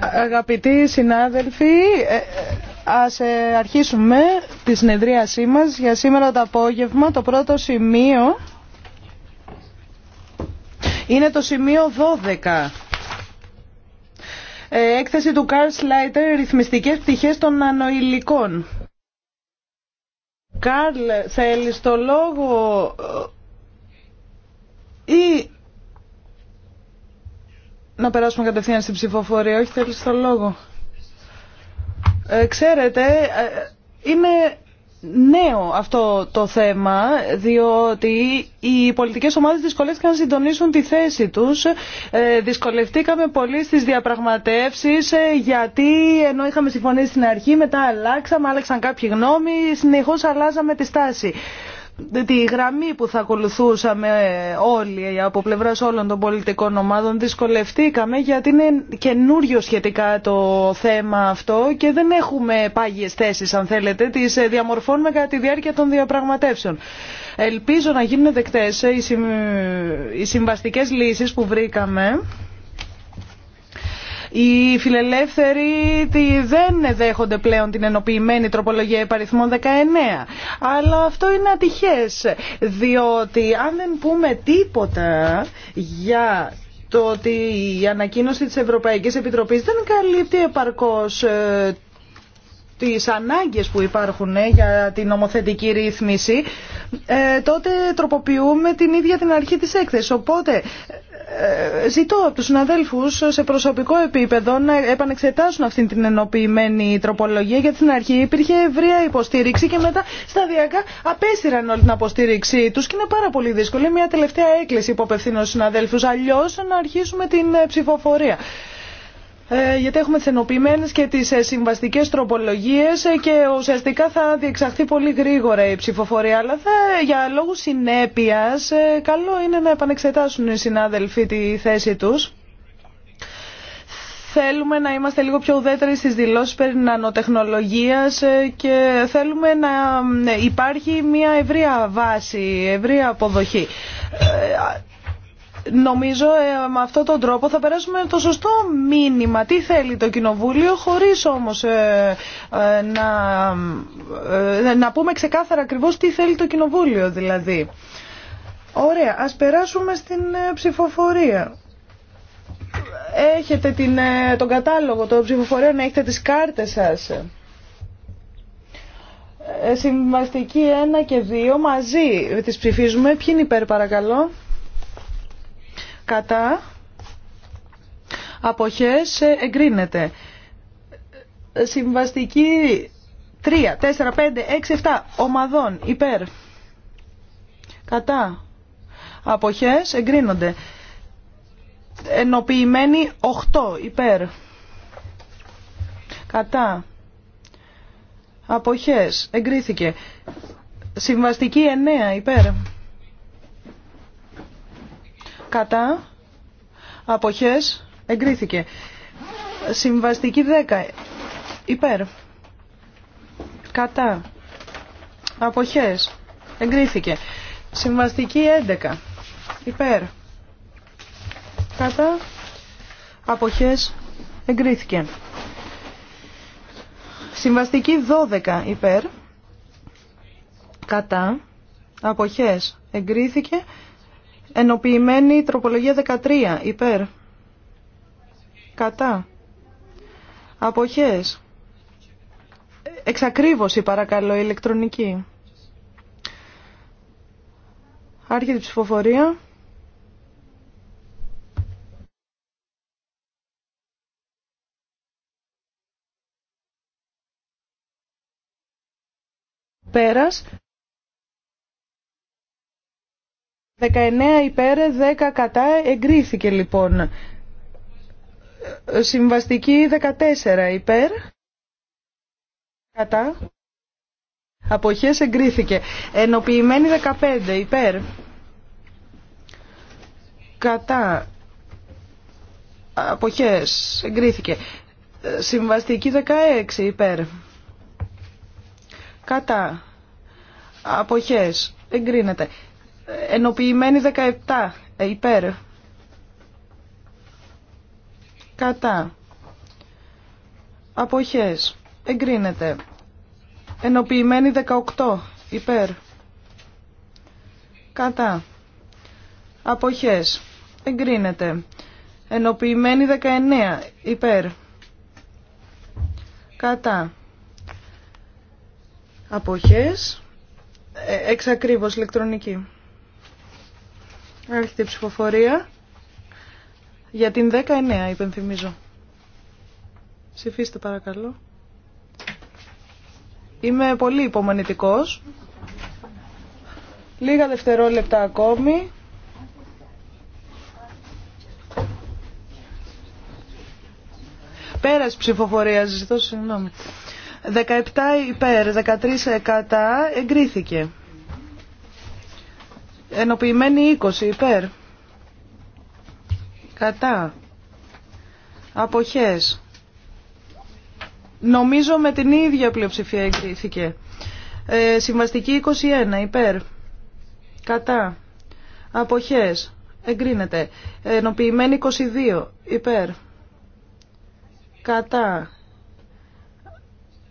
Αγαπητοί συνάδελφοι, ε, ε, ας ε, αρχίσουμε τη συνεδρίασή μας για σήμερα το απόγευμα. Το πρώτο σημείο είναι το σημείο 12. Έκθεση του Καρλ Σλάιτερ, ρυθμιστικές πτυχές των ανοηλικών. Καρλ, θέλεις το λόγο ή να περάσουμε κατευθείαν στην ψηφοφορία. Όχι, θέλεις το λόγο. Ε, ξέρετε, ε, είναι νέο αυτό το θέμα, διότι οι πολιτικές ομάδες δυσκολεύτηκαν να συντονίσουν τη θέση τους. Ε, δυσκολευτήκαμε πολύ στις διαπραγματεύσεις, γιατί ενώ είχαμε συμφωνήσει στην αρχή, μετά αλλάξαμε, άλλαξαν κάποιοι γνώμοι, συνεχώς αλλάζαμε τη στάση τη γραμμή που θα ακολουθούσαμε όλοι από πλευρά όλων των πολιτικών ομάδων δυσκολευτήκαμε γιατί είναι καινούριο σχετικά το θέμα αυτό και δεν έχουμε πάγιες θέσεις αν θέλετε, τις διαμορφώνουμε κατά τη διάρκεια των διαπραγματεύσεων. Ελπίζω να γίνουν δεκτές οι συμβαστικές λύσεις που βρήκαμε οι φιλελεύθεροι δεν δέχονται πλέον την ενοποιημένη τροπολογία υπαριθμών 19. Αλλά αυτό είναι ατυχές, διότι αν δεν πούμε τίποτα για το ότι η ανακοίνωση της Ευρωπαϊκής Επιτροπής δεν καλύπτει επαρκώς ε, τις ανάγκες που υπάρχουν ε, για την νομοθετική ρύθμιση, ε, τότε τροποποιούμε την ίδια την αρχή της έκθεσης. Οπότε ε, ζητώ από τους συναδέλφους σε προσωπικό επίπεδο να επανεξετάσουν αυτή την ενοποιημένη τροπολογία γιατί στην αρχή υπήρχε ευρεία υποστήριξη και μετά σταδιακά απέσυραν όλη την αποστήριξή τους και είναι πάρα πολύ δύσκολη μια τελευταία έκκληση που απευθύνω στους συναδέλφους αλλιώς να αρχίσουμε την ψηφοφορία. Ε, γιατί έχουμε τις και τις ε, συμβαστικές τροπολογίες ε, και ουσιαστικά θα διεξαχθεί πολύ γρήγορα η ψηφοφορία. Αλλά για λόγους συνέπειας, καλό είναι να επανεξετάσουν οι συνάδελφοι τη θέση τους. Θέλουμε να είμαστε λίγο πιο ουδέτεροι στις δηλώσεις περί νανοτεχνολογίας και θέλουμε να υπάρχει μια ευρεία βάση, ευρεία αποδοχή. Νομίζω ε, με αυτόν τον τρόπο θα περάσουμε το σωστό μήνυμα. Τι θέλει το Κοινοβούλιο χωρίς όμως ε, ε, να, ε, να πούμε ξεκάθαρα ακριβώς τι θέλει το Κοινοβούλιο δηλαδή. Ωραία, ας περάσουμε στην ψηφοφορία. Έχετε την, τον κατάλογο των ψηφοφορίων, έχετε τις κάρτες σας. Συμβαστική 1 και 2 μαζί τις ψηφίζουμε. Ποιοι είναι υπέρ παρακαλώ κατά αποχές ε, εγκρίνεται. Συμβαστική 3, 4, 5, 6, 7 ομαδών υπέρ κατά αποχές εγκρίνονται. Ενοποιημένη 8 υπέρ κατά αποχές εγκρίθηκε. Συμβαστική 9 υπέρ κατά, αποχές, εγκρίθηκε. Συμβαστική 10, υπέρ, κατά, αποχές, εγκρίθηκε. Συμβαστική 11, υπέρ, κατά, αποχές, εγκρίθηκε. Συμβαστική 12 υπέρ, κατά, αποχές εγκρίθηκε Ενοποιημένη τροπολογία 13. Υπέρ. Κατά. Αποχές. Εξακρίβωση παρακαλώ ηλεκτρονική. Άρχεται η ψηφοφορία. Πέρας. 19 υπέρ, 10 κατά, εγκρίθηκε λοιπόν. Συμβαστική 14 υπέρ, κατά, αποχές εγκρίθηκε. Ενοποιημένη 15 υπέρ, κατά, αποχές εγκρίθηκε. Συμβαστική 16 υπέρ, κατά, αποχές εγκρίνεται ενοποιημένη 17 ε, υπέρ κατά αποχές εγκρίνεται ενοποιημένη 18 υπέρ κατά αποχές εγκρίνεται ενοποιημένη 19 υπέρ κατά αποχές ε, εξακρίβως ηλεκτρονική Έρχεται η ψηφοφορία για την 19, υπενθυμίζω. Ψηφίστε παρακαλώ. Είμαι πολύ υπομονητικός. Λίγα δευτερόλεπτα ακόμη. Πέρας ψηφοφορία, ζητώ συγγνώμη. 17 υπέρ, 13 κατά, εγκρίθηκε. Ενοποιημένη 20 υπέρ. Κατά. Αποχές. Νομίζω με την ίδια πλειοψηφία εγκρίθηκε. Ε, συμβαστική 21 υπέρ. Κατά. Αποχές. Εγκρίνεται. Ενοποιημένη 22 υπέρ. Κατά.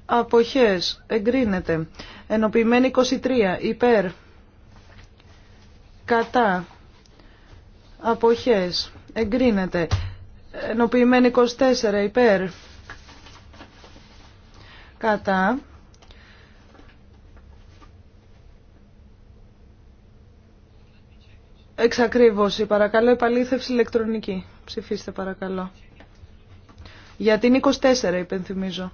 Αποχές. Εγκρίνεται. Ενοποιημένη 23 υπέρ κατά, αποχές, εγκρίνεται. Ενωποιημένη 24 υπέρ, κατά, Εξακρίβωση, παρακαλώ, επαλήθευση ηλεκτρονική. Ψηφίστε, παρακαλώ. Για την 24, υπενθυμίζω.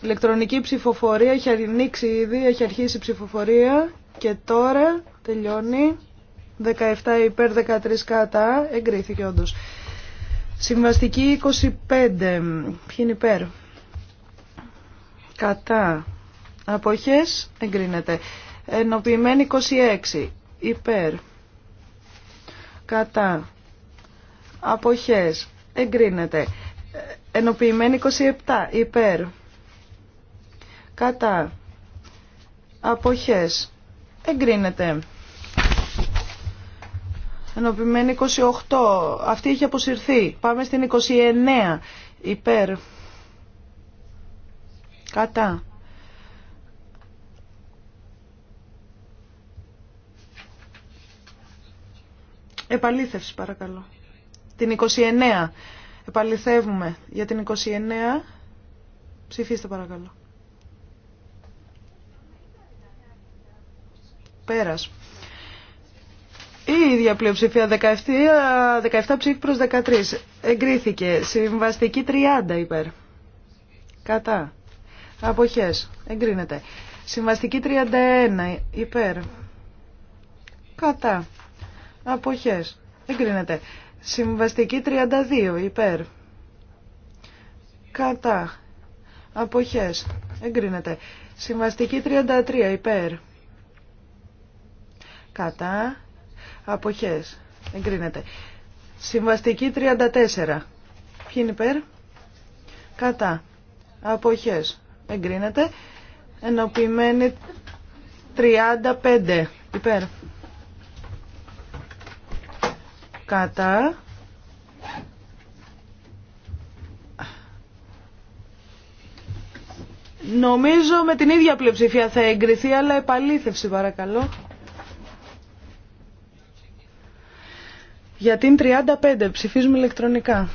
Ηλεκτρονική ψηφοφορία έχει ανοίξει ήδη, έχει αρχίσει η ψηφοφορία και τώρα Τελειώνει. 17 υπέρ 13 κατά. Εγκρίθηκε όντω. Συμβαστική 25. Ποιοι είναι υπέρ. Κατά. Αποχές. Εγκρίνεται. Ενοποιημένη 26. Υπέρ. Κατά. Αποχές. Εγκρίνεται. Ενοποιημένη 27. Υπέρ. Κατά. Αποχές. Εγκρίνεται. Ενωπημένη 28. Αυτή έχει αποσυρθεί. Πάμε στην 29. Υπέρ. Κατά. Επαλήθευση παρακαλώ. Την 29. Επαληθεύουμε για την 29. Ψηφίστε παρακαλώ. Πέρας η ίδια πλειοψηφία 17, 17 ψήφι προς 13. Εγκρίθηκε. Συμβαστική 30 υπέρ. Κατά. Αποχές. Εγκρίνεται. Συμβαστική 31 υπέρ. Κατά. Αποχές. Εγκρίνεται. Συμβαστική 32 υπέρ. Κατά. Αποχές. Εγκρίνεται. Συμβαστική 33 υπέρ. Κατά. Αποχές. Εγκρίνεται. Συμβαστική 34. Ποιοι είναι υπέρ. Κατά. Αποχές. Εγκρίνεται. Ενοποιημένη 35. Υπέρ. Κατά. Νομίζω με την ίδια πλειοψηφία θα εγκριθεί, αλλά επαλήθευση παρακαλώ. Για την 35 ψηφίζουμε ηλεκτρονικά.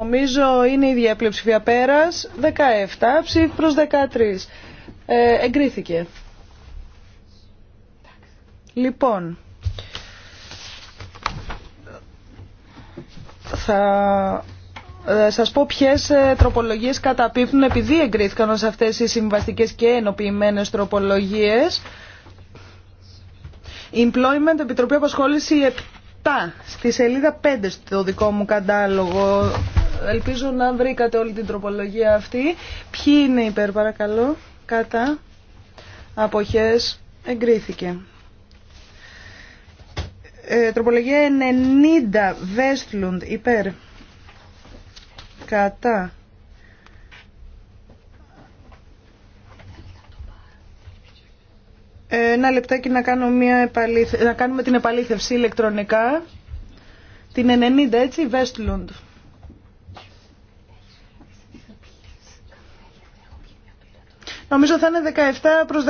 Νομίζω είναι η ίδια πλειοψηφία πέρας, 17 ψήφι προς 13. Ε, εγκρίθηκε. Λοιπόν, θα ε, σας πω ποιες ε, τροπολογίες καταπίπτουν επειδή εγκρίθηκαν σε αυτές οι συμβαστικές και ενοποιημένες τροπολογίες. Employment, Επιτροπή Απασχόληση 7, στη σελίδα 5 στο δικό μου κατάλογο. Ελπίζω να βρήκατε όλη την τροπολογία αυτή. Ποιοι είναι υπέρ παρακαλώ, κατά, αποχές, εγκρίθηκε. Ε, τροπολογία 90, Βέστλουντ, υπέρ κατά ένα λεπτάκι να, κάνω μια να κάνουμε την επαλήθευση ηλεκτρονικά την 90 έτσι Βέστλουντ. Νομίζω θα είναι 17 προς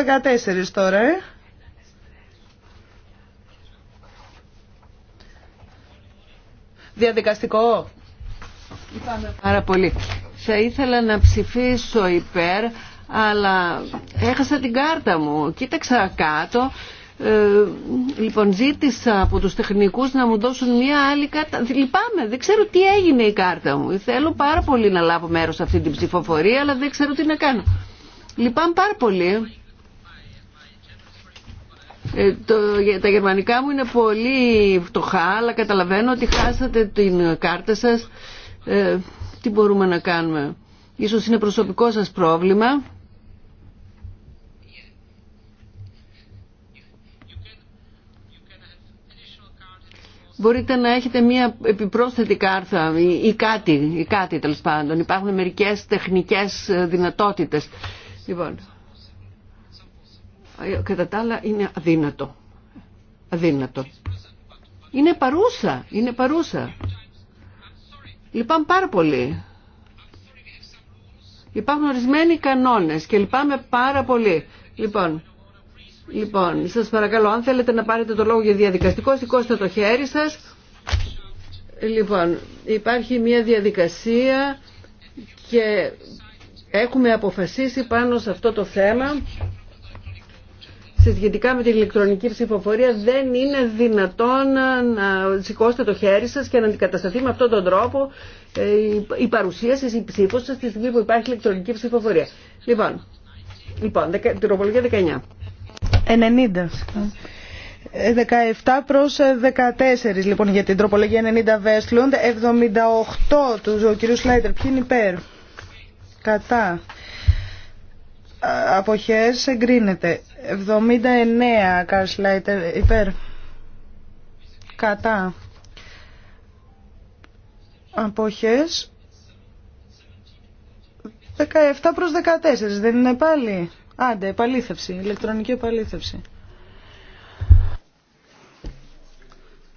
14 τώρα. Ε. Διαδικαστικό. Λυπάμαι πάρα πολύ. Θα ήθελα να ψηφίσω υπέρ, αλλά έχασα την κάρτα μου. Κοίταξα κάτω. Ε, λοιπόν, ζήτησα από τους τεχνικούς να μου δώσουν μια άλλη κάρτα. Λυπάμαι, δεν ξέρω τι έγινε η κάρτα μου. Θέλω πάρα πολύ να λάβω μέρος σε αυτή την ψηφοφορία, αλλά δεν ξέρω τι να κάνω. Λυπάμαι πάρα πολύ. Ε, το, τα γερμανικά μου είναι πολύ φτωχά, αλλά καταλαβαίνω ότι χάσατε την κάρτα σας. Ε, τι μπορούμε να κάνουμε. Ίσως είναι προσωπικό σας πρόβλημα. Μπορείτε να έχετε μία επιπρόσθετη κάρτα ή, κάτι, ή κάτι τέλο πάντων. Υπάρχουν μερικές τεχνικές ε, δυνατότητες. Λοιπόν, ε, κατά τα άλλα είναι αδύνατο. Αδύνατο. Είναι παρούσα, είναι παρούσα. Λυπάμαι πάρα πολύ. Υπάρχουν ορισμένοι κανόνες και λυπάμαι πάρα πολύ. Λοιπόν, λοιπόν, σας παρακαλώ, αν θέλετε να πάρετε το λόγο για διαδικαστικό, σηκώστε το χέρι σας. Λοιπόν, υπάρχει μια διαδικασία και έχουμε αποφασίσει πάνω σε αυτό το θέμα σχετικά με την ηλεκτρονική ψηφοφορία δεν είναι δυνατόν να σηκώσετε το χέρι σας και να αντικατασταθεί με αυτόν τον τρόπο ε, η παρουσία σας, η ψήφο σας τη στιγμή που υπάρχει ηλεκτρονική ψηφοφορία. Λοιπόν, λοιπόν τροπολογία 19. 90. 17 προς 14 ε, λοιπόν για την τροπολογία 90 βέσλοντ. 78 του ο κ. Σλάιντερ, ποιοι είναι υπέρ κατά Αποχές εγκρίνεται. 79 Καρσλάιτερ υπέρ. Κατά. Αποχές. 17 προς 14 δεν είναι πάλι. Άντε, επαλήθευση, ηλεκτρονική επαλήθευση.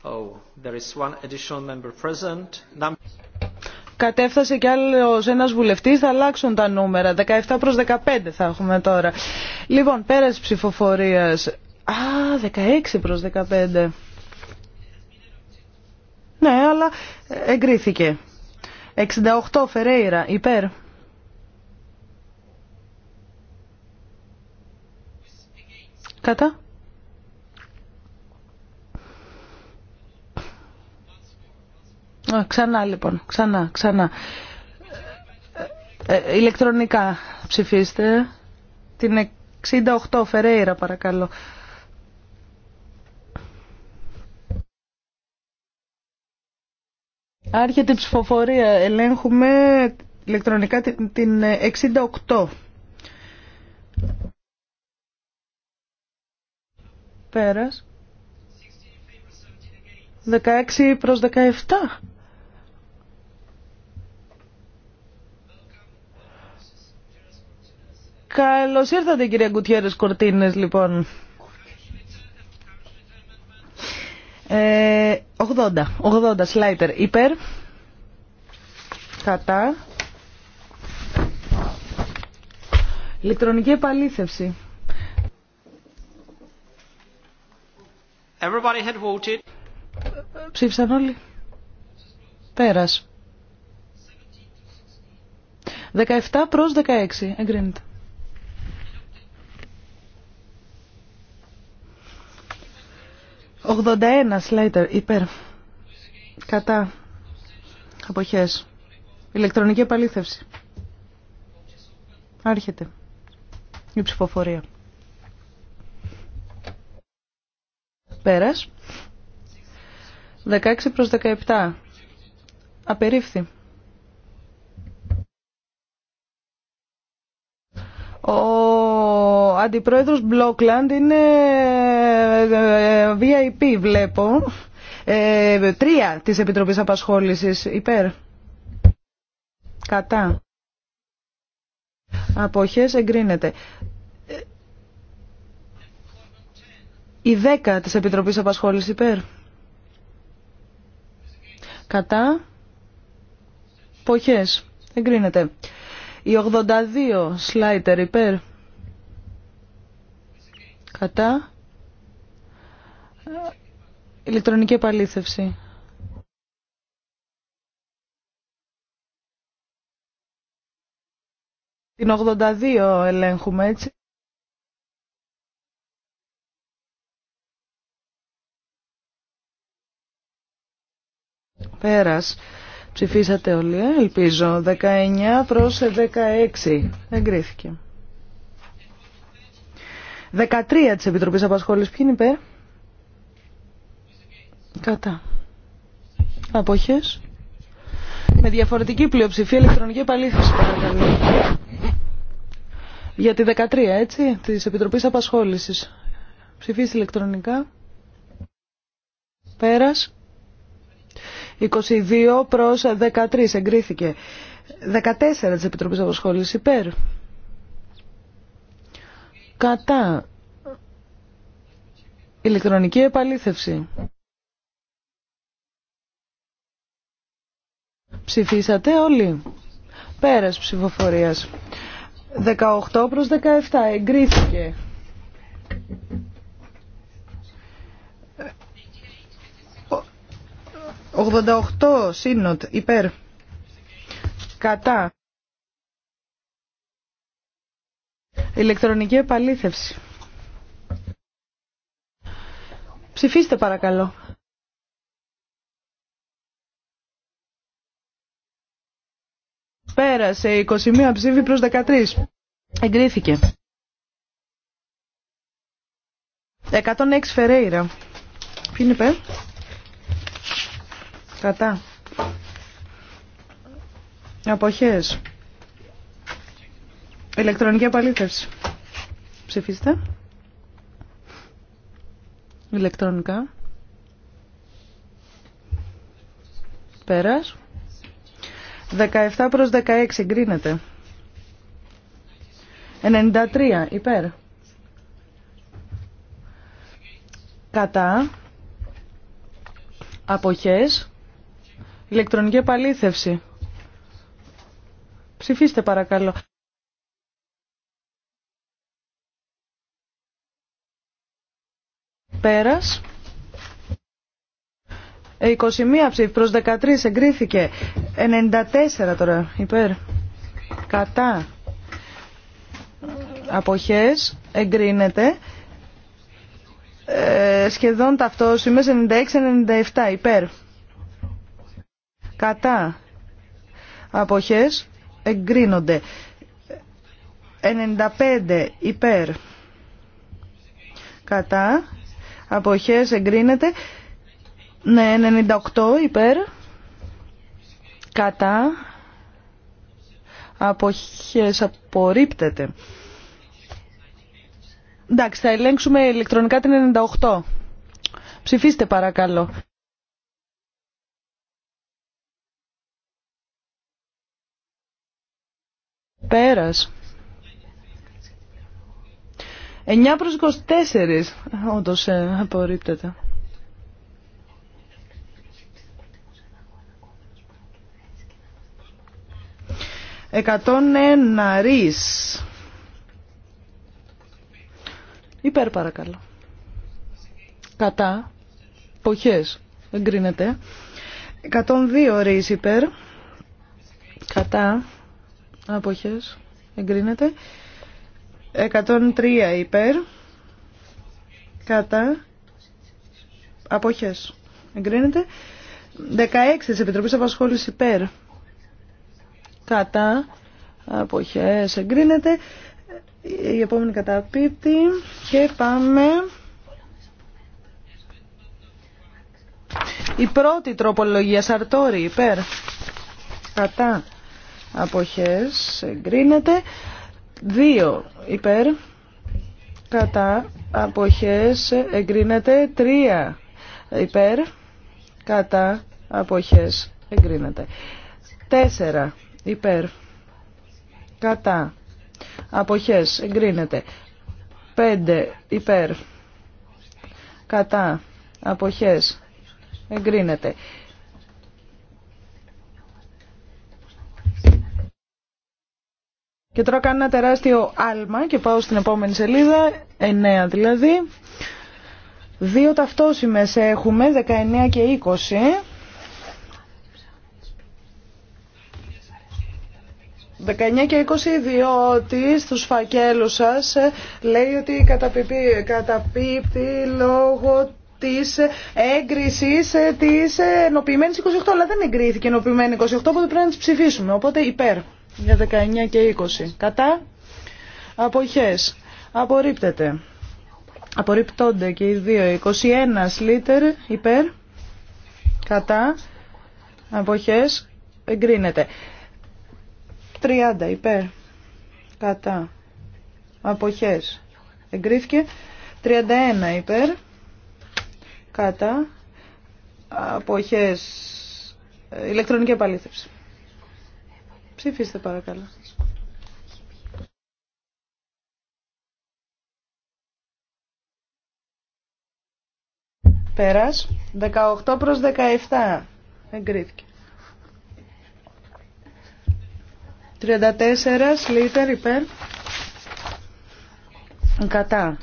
Oh, there is one additional member present κατέφθασε κι άλλος ένας βουλευτής, θα αλλάξουν τα νούμερα. 17 προς 15 θα έχουμε τώρα. Λοιπόν, πέρας ψηφοφορίας. Α, 16 προς 15. Ναι, αλλά εγκρίθηκε. 68 Φερέιρα, υπέρ. Κατά. Ξανά λοιπόν, ξανά, ξανά. Ε, ε ηλεκτρονικά ψηφίστε. Την 68 Φερέιρα παρακαλώ. Άρχεται η ψηφοφορία. Ελέγχουμε ηλεκτρονικά την 68. Πέρας. 16 προς 17. καλω ήρθατε κυρία Κουτιέρες Κορτίνες λοιπόν. Ε, 80, 80 σλάιτερ υπέρ, κατά, ηλεκτρονική επαλήθευση. Everybody had voted. Ψήφισαν όλοι. Πέρας. 17 προς 16. Εγκρίνεται. 81 Slater υπέρ. Κατά. Αποχές. Ηλεκτρονική επαλήθευση. Άρχεται. Η ψηφοφορία. Πέρας. 16 προς 17. Απερίφθη. Ο αντιπρόεδρος Μπλόκλαντ είναι ε, ε, ε, VIP βλέπω. Ε, τρία της Επιτροπής Απασχόλησης υπέρ. Κατά. Αποχές εγκρίνεται. Η δέκα της Επιτροπής Απασχόλησης υπέρ. Κατά. Ποχές. Εγκρίνεται. Η 82 σλάιτερ υπέρ. Κατά. Ηλεκτρονική επαλήθευση. Την 82 ελέγχουμε έτσι. Πέρας. Ψηφίσατε όλοι, ε, ελπίζω. 19 προς 16. Εγκρίθηκε. 13 της Επιτροπής Απασχόλησης. Ποιοι είναι υπέρ. Κατά. Αποχές. Με διαφορετική πλειοψηφία ηλεκτρονική επαλήφθηση. παρακαλώ. Για τη 13, έτσι, της Επιτροπής Απασχόλησης. Ψηφίσει ηλεκτρονικά. Πέρας. 22 προς 13 εγκρίθηκε. 14 της Επιτροπής Απασχόλησης υπέρ. Κατά. Ηλεκτρονική επαλήθευση. Ψηφίσατε όλοι. Πέρας ψηφοφορίας. 18 προς 17. Εγκρίθηκε. 88 σύνοτ υπέρ. Κατά. Ηλεκτρονική επαλήθευση. Ψηφίστε παρακαλώ. Πέρασε 21 ψήφι προς 13. Εγκρίθηκε. 106 Φερέιρα. Ποιοι είναι Κατά. Αποχές. Ηλεκτρονική απαλήθευση. Ψηφίστε. Ηλεκτρονικά. Πέρας. 17 προς 16 εγκρίνεται. 93 υπέρ. Κατά. Αποχές. Ηλεκτρονική επαλήθευση. Ψηφίστε παρακαλώ. Πέρας. 21 ε, ψήφι προς 13 εγκρίθηκε. 94 τώρα υπέρ. Κατά. Αποχές εγκρίνεται. Ε, σχεδόν ταυτόσημες 96-97 υπέρ. Κατά. Αποχές εγκρίνονται. 95 υπέρ. Κατά αποχές εγκρίνεται. Ναι, 98 υπέρ. Κατά. Αποχές απορρίπτεται. Εντάξει, θα ελέγξουμε ηλεκτρονικά την 98. Ψηφίστε παρακαλώ. Πέρας. 9 προς 24, όντως ε, απορρίπτεται. Εκατόν ένα Υπέρ παρακαλώ. Κατά. Ποχές. Εγκρίνεται. 102 ρις υπέρ. Κατά. Αποχές. Εγκρίνεται. 103 υπέρ. Κατά. Αποχές. Εγκρίνεται. 16 της Επιτροπής Απασχόλησης υπέρ. Κατά. Αποχές. Εγκρίνεται. Η επόμενη καταπίτη Και πάμε... Η πρώτη τροπολογία Σαρτόρι υπέρ. Κατά. Αποχές. Εγκρίνεται. 2 υπέρ κατά αποχές εγκρίνεται 3 υπέρ κατά αποχές εγκρίνεται 4 υπέρ κατά αποχές εγκρίνεται 5 υπέρ κατά αποχές εγκρίνεται Και τώρα κάνω ένα τεράστιο άλμα και πάω στην επόμενη σελίδα, 9 δηλαδή. Δύο ταυτόσημες έχουμε, 19 και 20. 19 και 20 διότι στους φακέλους σας λέει ότι καταπίπτει, καταπίπτει λόγω της έγκρισης της ενοποιημένης 28 αλλά δεν εγκρίθηκε ενοποιημένη 28 οπότε πρέπει να τις ψηφίσουμε οπότε υπέρ για 19 και 20. Κατά. Αποχές. Απορρίπτεται. Απορρίπτονται και οι δύο. 21 λίτερ υπέρ. Κατά. Αποχές. Εγκρίνεται. 30 υπέρ. Κατά. Αποχές. Εγκρίθηκε. 31 υπέρ. Κατά. Αποχές. Ηλεκτρονική επαλήθευση. Ψηφίστε παρακαλώ. Πέρας, 18 προς 17. Εγκρίθηκε. 34, λίτερ υπέρ. Κατά.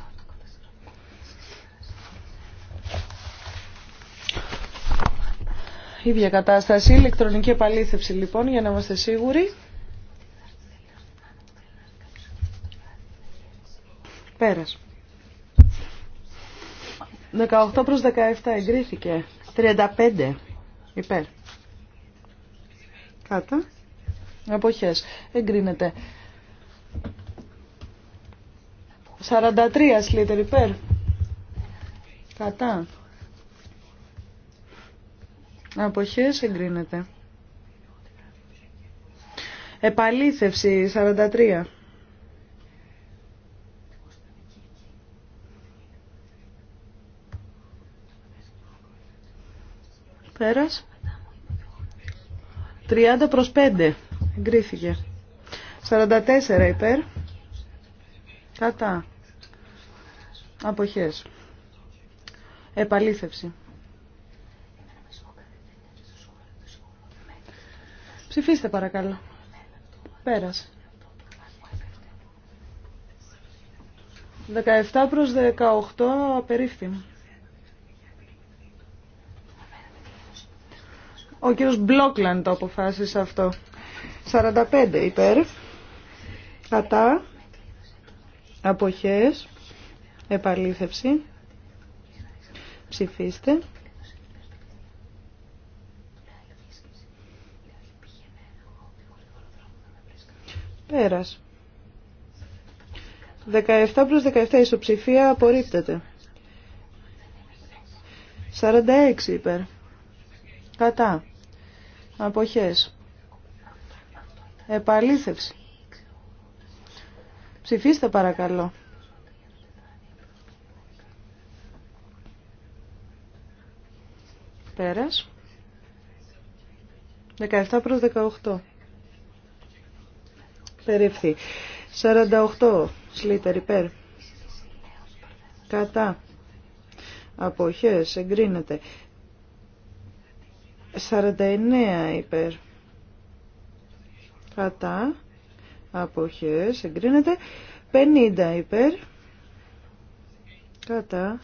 ίδια κατάσταση, ηλεκτρονική επαλήθευση λοιπόν για να είμαστε σίγουροι. Πέρας. 18 προς 17 εγκρίθηκε. 35 υπέρ. Κάτα. Αποχές. Εγκρίνεται. 43 σλίτερ υπέρ. Κατά. Αποχές εγκρίνεται. Επαλήθευση 43. Πέρας. 30 προς 5. Εγκρίθηκε. 44 υπέρ. Κατά. Αποχές. Επαλήθευση. Ψηφίστε παρακαλώ. Πέρασε. 17 προς 18 περίφθη Ο κύριος Μπλόκλαν το αποφάσισε αυτό. 45 υπέρ. Κατά. Αποχές. Επαλήθευση. Ψηφίστε. Πέρας. 17 προς 17 ισοψηφία απορρίπτεται. 46 υπέρ. Κατά. Αποχές. Επαλήθευση. Ψηφίστε παρακαλώ. Πέρας. 17 προς 18. Περίφθη. 48. Σλίτερ υπέρ. Κατά. Αποχές. Εγκρίνεται. 49 υπέρ. Κατά. Αποχές. Εγκρίνεται. 50 υπέρ. Κατά.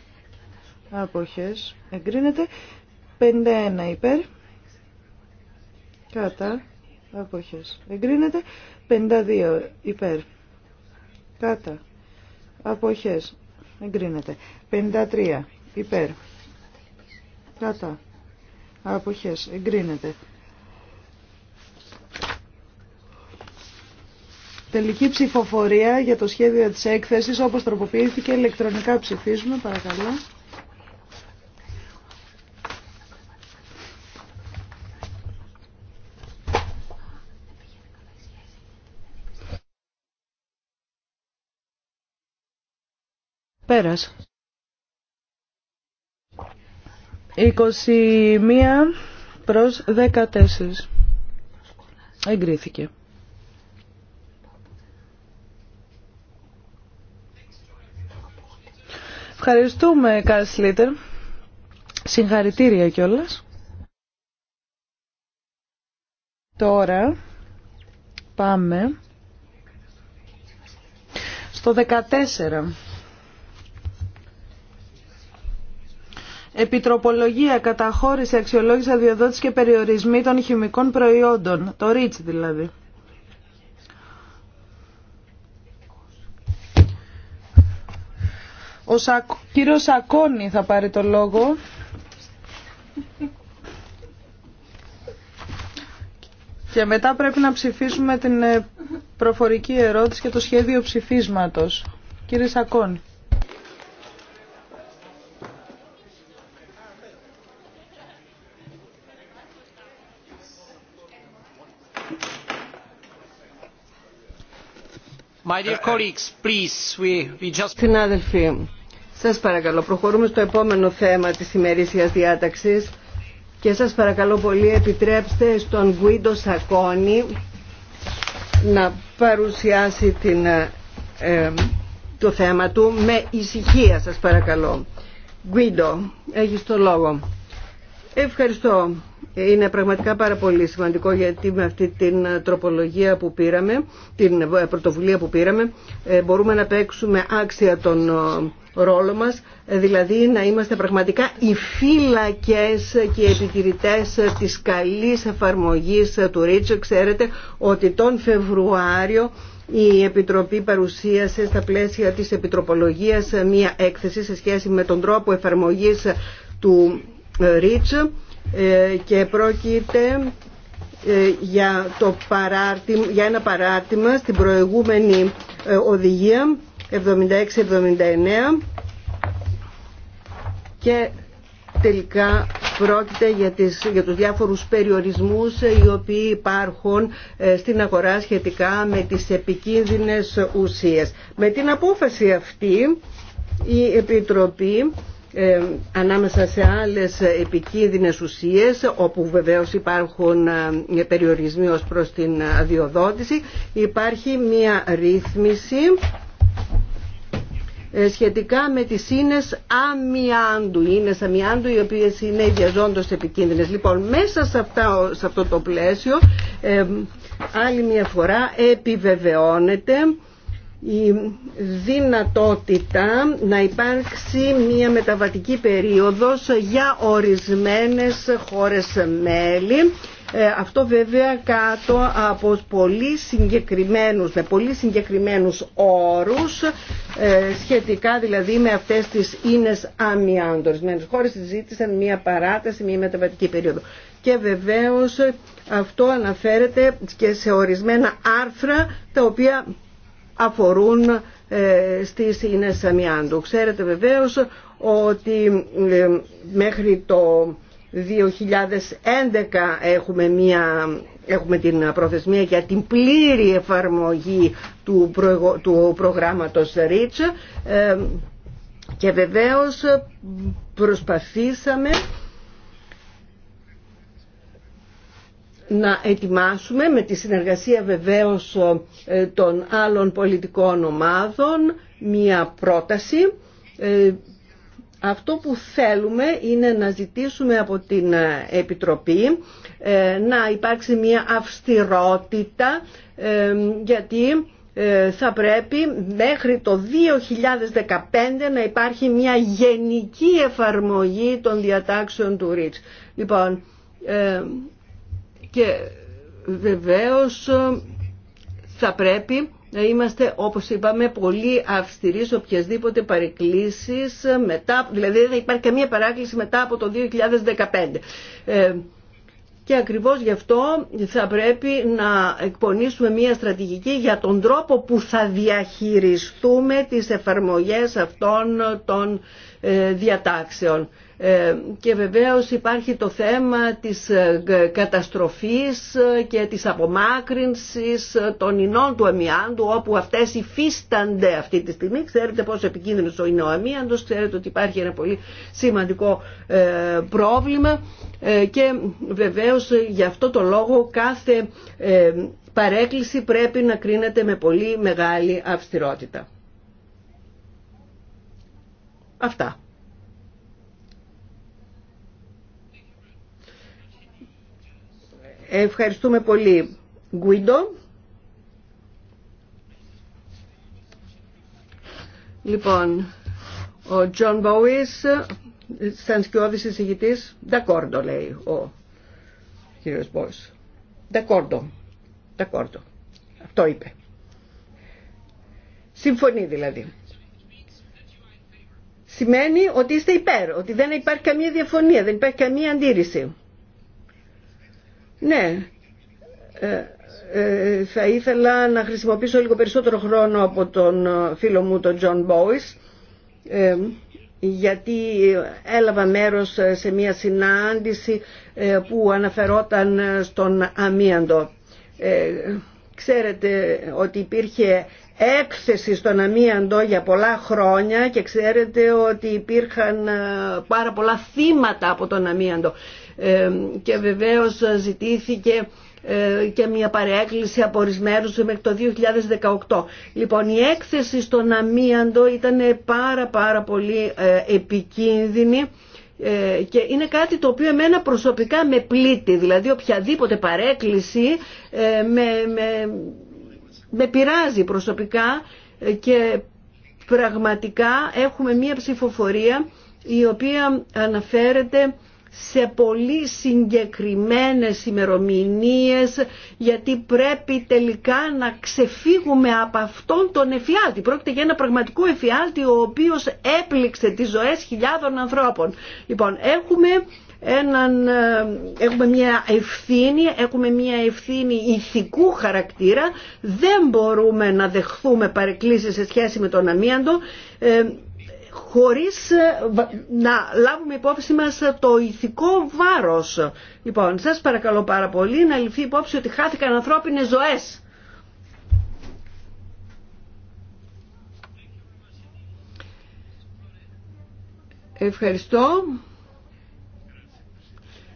Αποχές. Εγκρίνεται. 51 υπέρ. Κατά. Αποχές. Εγκρίνεται. 52 υπέρ. Κάτα. Αποχές. Εγκρίνεται. 53 υπέρ. Κάτα. Αποχές. Εγκρίνεται. Τελική ψηφοφορία για το σχέδιο της έκθεσης όπως τροποποιήθηκε ηλεκτρονικά ψηφίζουμε παρακαλώ. Πέρας. 21 προς 14. Εγκρίθηκε. Ευχαριστούμε, Κάσλιτερ. Συγχαρητήρια κιόλας. Τώρα πάμε στο 14. Επιτροπολογία, καταχώρηση, αξιολόγηση, αδειοδότηση και περιορισμή των χημικών προϊόντων. Το ρίτσι δηλαδή. Ο Σα... κύριος Σακώνη θα πάρει το λόγο. Και μετά πρέπει να ψηφίσουμε την ε, προφορική ερώτηση και το σχέδιο ψηφίσματος. Κύριε Σακώνη. My dear ε, ε, σας παρακαλώ, προχωρούμε στο επόμενο θέμα της ημερήσιας διάταξης και σας παρακαλώ πολύ επιτρέψτε στον Γκουίντο Σακόνη να παρουσιάσει ε, το θέμα του με ησυχία σας παρακαλώ. Γκουίντο, έχεις το λόγο. Ευχαριστώ είναι πραγματικά πάρα πολύ σημαντικό γιατί με αυτή την τροπολογία που πήραμε, την πρωτοβουλία που πήραμε, ε, μπορούμε να παίξουμε άξια τον ε, ρόλο μας, ε, δηλαδή να είμαστε πραγματικά οι φύλακες και οι επιτηρητές της καλής εφαρμογής του Ρίτσο. Ξέρετε ότι τον Φεβρουάριο η Επιτροπή παρουσίασε στα πλαίσια της Επιτροπολογίας μία έκθεση σε σχέση με τον τρόπο εφαρμογής του Ρίτσο ε, και πρόκειται ε, για, το για ένα παράρτημα στην προηγούμενη ε, οδηγία 76-79 και τελικά πρόκειται για, τις, για τους διάφορους περιορισμούς οι οποίοι υπάρχουν στην αγορά σχετικά με τις επικίνδυνες ουσίες. Με την απόφαση αυτή η Επιτροπή ε, ανάμεσα σε άλλες επικίνδυνες ουσίες όπου βεβαίως υπάρχουν ε, περιορισμοί ως προς την αδειοδότηση υπάρχει μια ρύθμιση ε, σχετικά με τις ίνες αμοιάντου, ίνες αμοιάντου οι οποίες είναι διαζώντως επικίνδυνες. Λοιπόν, μέσα σε, σε αυτό το πλαίσιο άλλη μια φορά επιβεβαιώνεται η δυνατότητα να υπάρξει μια μεταβατική περίοδος για ορισμένες χώρες μέλη. Ε, αυτό βέβαια κάτω από πολύ συγκεκριμένους, με πολύ συγκεκριμένους όρους ε, σχετικά δηλαδή με αυτές τις ίνες αμοιάν. Ορισμένες χώρες ζήτησαν μια παράταση, μια μεταβατική περίοδο. Και βεβαίως αυτό αναφέρεται και σε ορισμένα άρθρα τα οποία αφορούν ε, στις Σίνες Αμιάντου. Ξέρετε βεβαίως ότι ε, μέχρι το 2011 έχουμε, μια, έχουμε την προθεσμία για την πλήρη εφαρμογή του, προεγω, του προγράμματος REACH ε, και βεβαίως προσπαθήσαμε να ετοιμάσουμε με τη συνεργασία βεβαίως ε, των άλλων πολιτικών ομάδων μια πρόταση. Ε, αυτό που θέλουμε είναι να ζητήσουμε από την ε, Επιτροπή να υπάρξει μια αυστηρότητα γιατί θα πρέπει μέχρι το 2015 να υπάρχει μια γενική εφαρμογή των διατάξεων του ΡΙΤΣ. Λοιπόν, και βεβαίως ε, θα πρέπει να είμαστε όπως είπαμε πολύ αυστηροί σε οποιασδήποτε παρεκκλήσεις ε, μετά, δηλαδή δεν θα υπάρχει καμία παράκληση μετά από το 2015. Ε, και ακριβώς γι' αυτό θα πρέπει να εκπονήσουμε μια στρατηγική για τον τρόπο που θα διαχειριστούμε τις εφαρμογές αυτών των διατάξεων. Ε, και βεβαίως υπάρχει το θέμα της ε, καταστροφής ε, και της απομάκρυνσης των ινών του αμοιάντου όπου αυτές υφίστανται αυτή τη στιγμή. Ξέρετε πόσο επικίνδυνος είναι ο αμοιάντος, ξέρετε ότι υπάρχει ένα πολύ σημαντικό πρόβλημα και βεβαίως γι' αυτό το λόγο κάθε παρέκκληση πρέπει να κρίνεται με πολύ μεγάλη αυστηρότητα. Αυτά. Ευχαριστούμε πολύ. Γκουίντο. Λοιπόν, ο Τζον Μπόουις, σαν σκιώδης εισηγητής, «Δακόρντο» λέει ο κύριος Μπόουις. «Δακόρντο», «Δακόρντο», αυτό είπε. Συμφωνεί δηλαδή. Σημαίνει ότι είστε υπέρ, ότι δεν υπάρχει καμία διαφωνία, δεν υπάρχει καμία αντίρρηση. Ναι, ε, ε, θα ήθελα να χρησιμοποιήσω λίγο περισσότερο χρόνο από τον ε, φίλο μου τον Τζον Μπόις γιατί έλαβα μέρος σε μια συνάντηση που αναφερόταν στον αμίαντο. Ε, ξέρετε ότι υπήρχε έκθεση στον αμίαντο για πολλά χρόνια και ξέρετε ότι υπήρχαν πάρα πολλά θύματα από τον αμίαντο και βεβαίως ζητήθηκε ε, και μια παρέκκληση από ορισμένους μέχρι το 2018. Λοιπόν, η έκθεση στον αμίαντο ήταν πάρα πάρα πολύ ε, επικίνδυνη ε, και είναι κάτι το οποίο εμένα προσωπικά με πλήττει, δηλαδή οποιαδήποτε παρέκκληση με, με πειράζει προσωπικά και πραγματικά έχουμε μια ψηφοφορία η οποία αναφέρεται σε πολύ συγκεκριμένες ημερομηνίες γιατί πρέπει τελικά να ξεφύγουμε από αυτόν τον εφιάλτη. Πρόκειται για ένα πραγματικό εφιάλτη ο οποίος έπληξε τις ζωές χιλιάδων ανθρώπων. Λοιπόν, έχουμε... Έναν, ε, έχουμε μια ευθύνη, έχουμε μια ευθύνη ηθικού χαρακτήρα, δεν μπορούμε να δεχθούμε παρεκκλήσεις σε σχέση με τον αμίαντο, ε, χωρίς ε, να λάβουμε υπόψη μας ε, το ηθικό βάρος. Λοιπόν, σας παρακαλώ πάρα πολύ να ληφθεί υπόψη ότι χάθηκαν ανθρώπινες ζωές. Ευχαριστώ.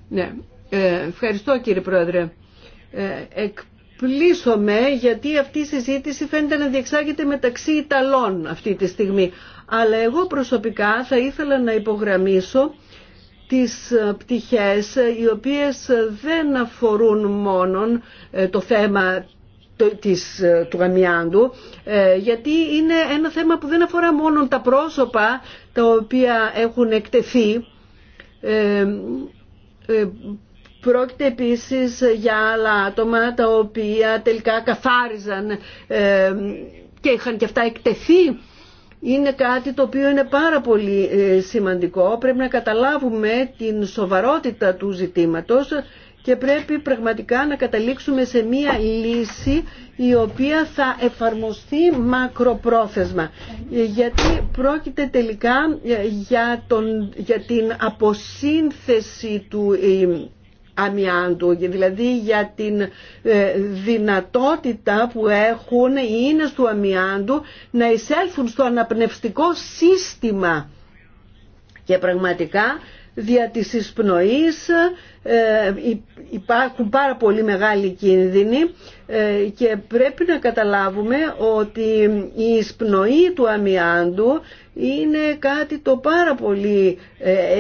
Ναι, ε, ευχαριστώ κύριε Πρόεδρε. εκπλήσωμαι γιατί αυτή η συζήτηση φαίνεται να διεξάγεται μεταξύ Ιταλών αυτή τη στιγμή αλλά εγώ προσωπικά θα ήθελα να υπογραμμίσω τις ε, πτυχές ε, οι οποίες ε, δεν αφορούν μόνον το θέμα της, του γαμιάντου γιατί είναι ένα θέμα που δεν αφορά μόνο τα πρόσωπα τα οποία έχουν εκτεθεί Πρόκειται επίσης για άλλα άτομα τα οποία τελικά καθάριζαν και είχαν και αυτά εκτεθεί είναι κάτι το οποίο είναι πάρα πολύ ε, σημαντικό. Πρέπει να καταλάβουμε την σοβαρότητα του ζητήματος και πρέπει πραγματικά να καταλήξουμε σε μία λύση η οποία θα εφαρμοστεί μακροπρόθεσμα. Γιατί πρόκειται τελικά ε, για, για την αποσύνθεση του ε, δηλαδή για την ε, δυνατότητα που έχουν οι ίνες του αμοιάντου να εισέλθουν στο αναπνευστικό σύστημα. Και πραγματικά δια της εισπνοής ε, υπάρχουν πάρα πολύ μεγάλοι κίνδυνοι ε, και πρέπει να καταλάβουμε ότι η εισπνοή του αμοιάντου είναι κάτι το πάρα πολύ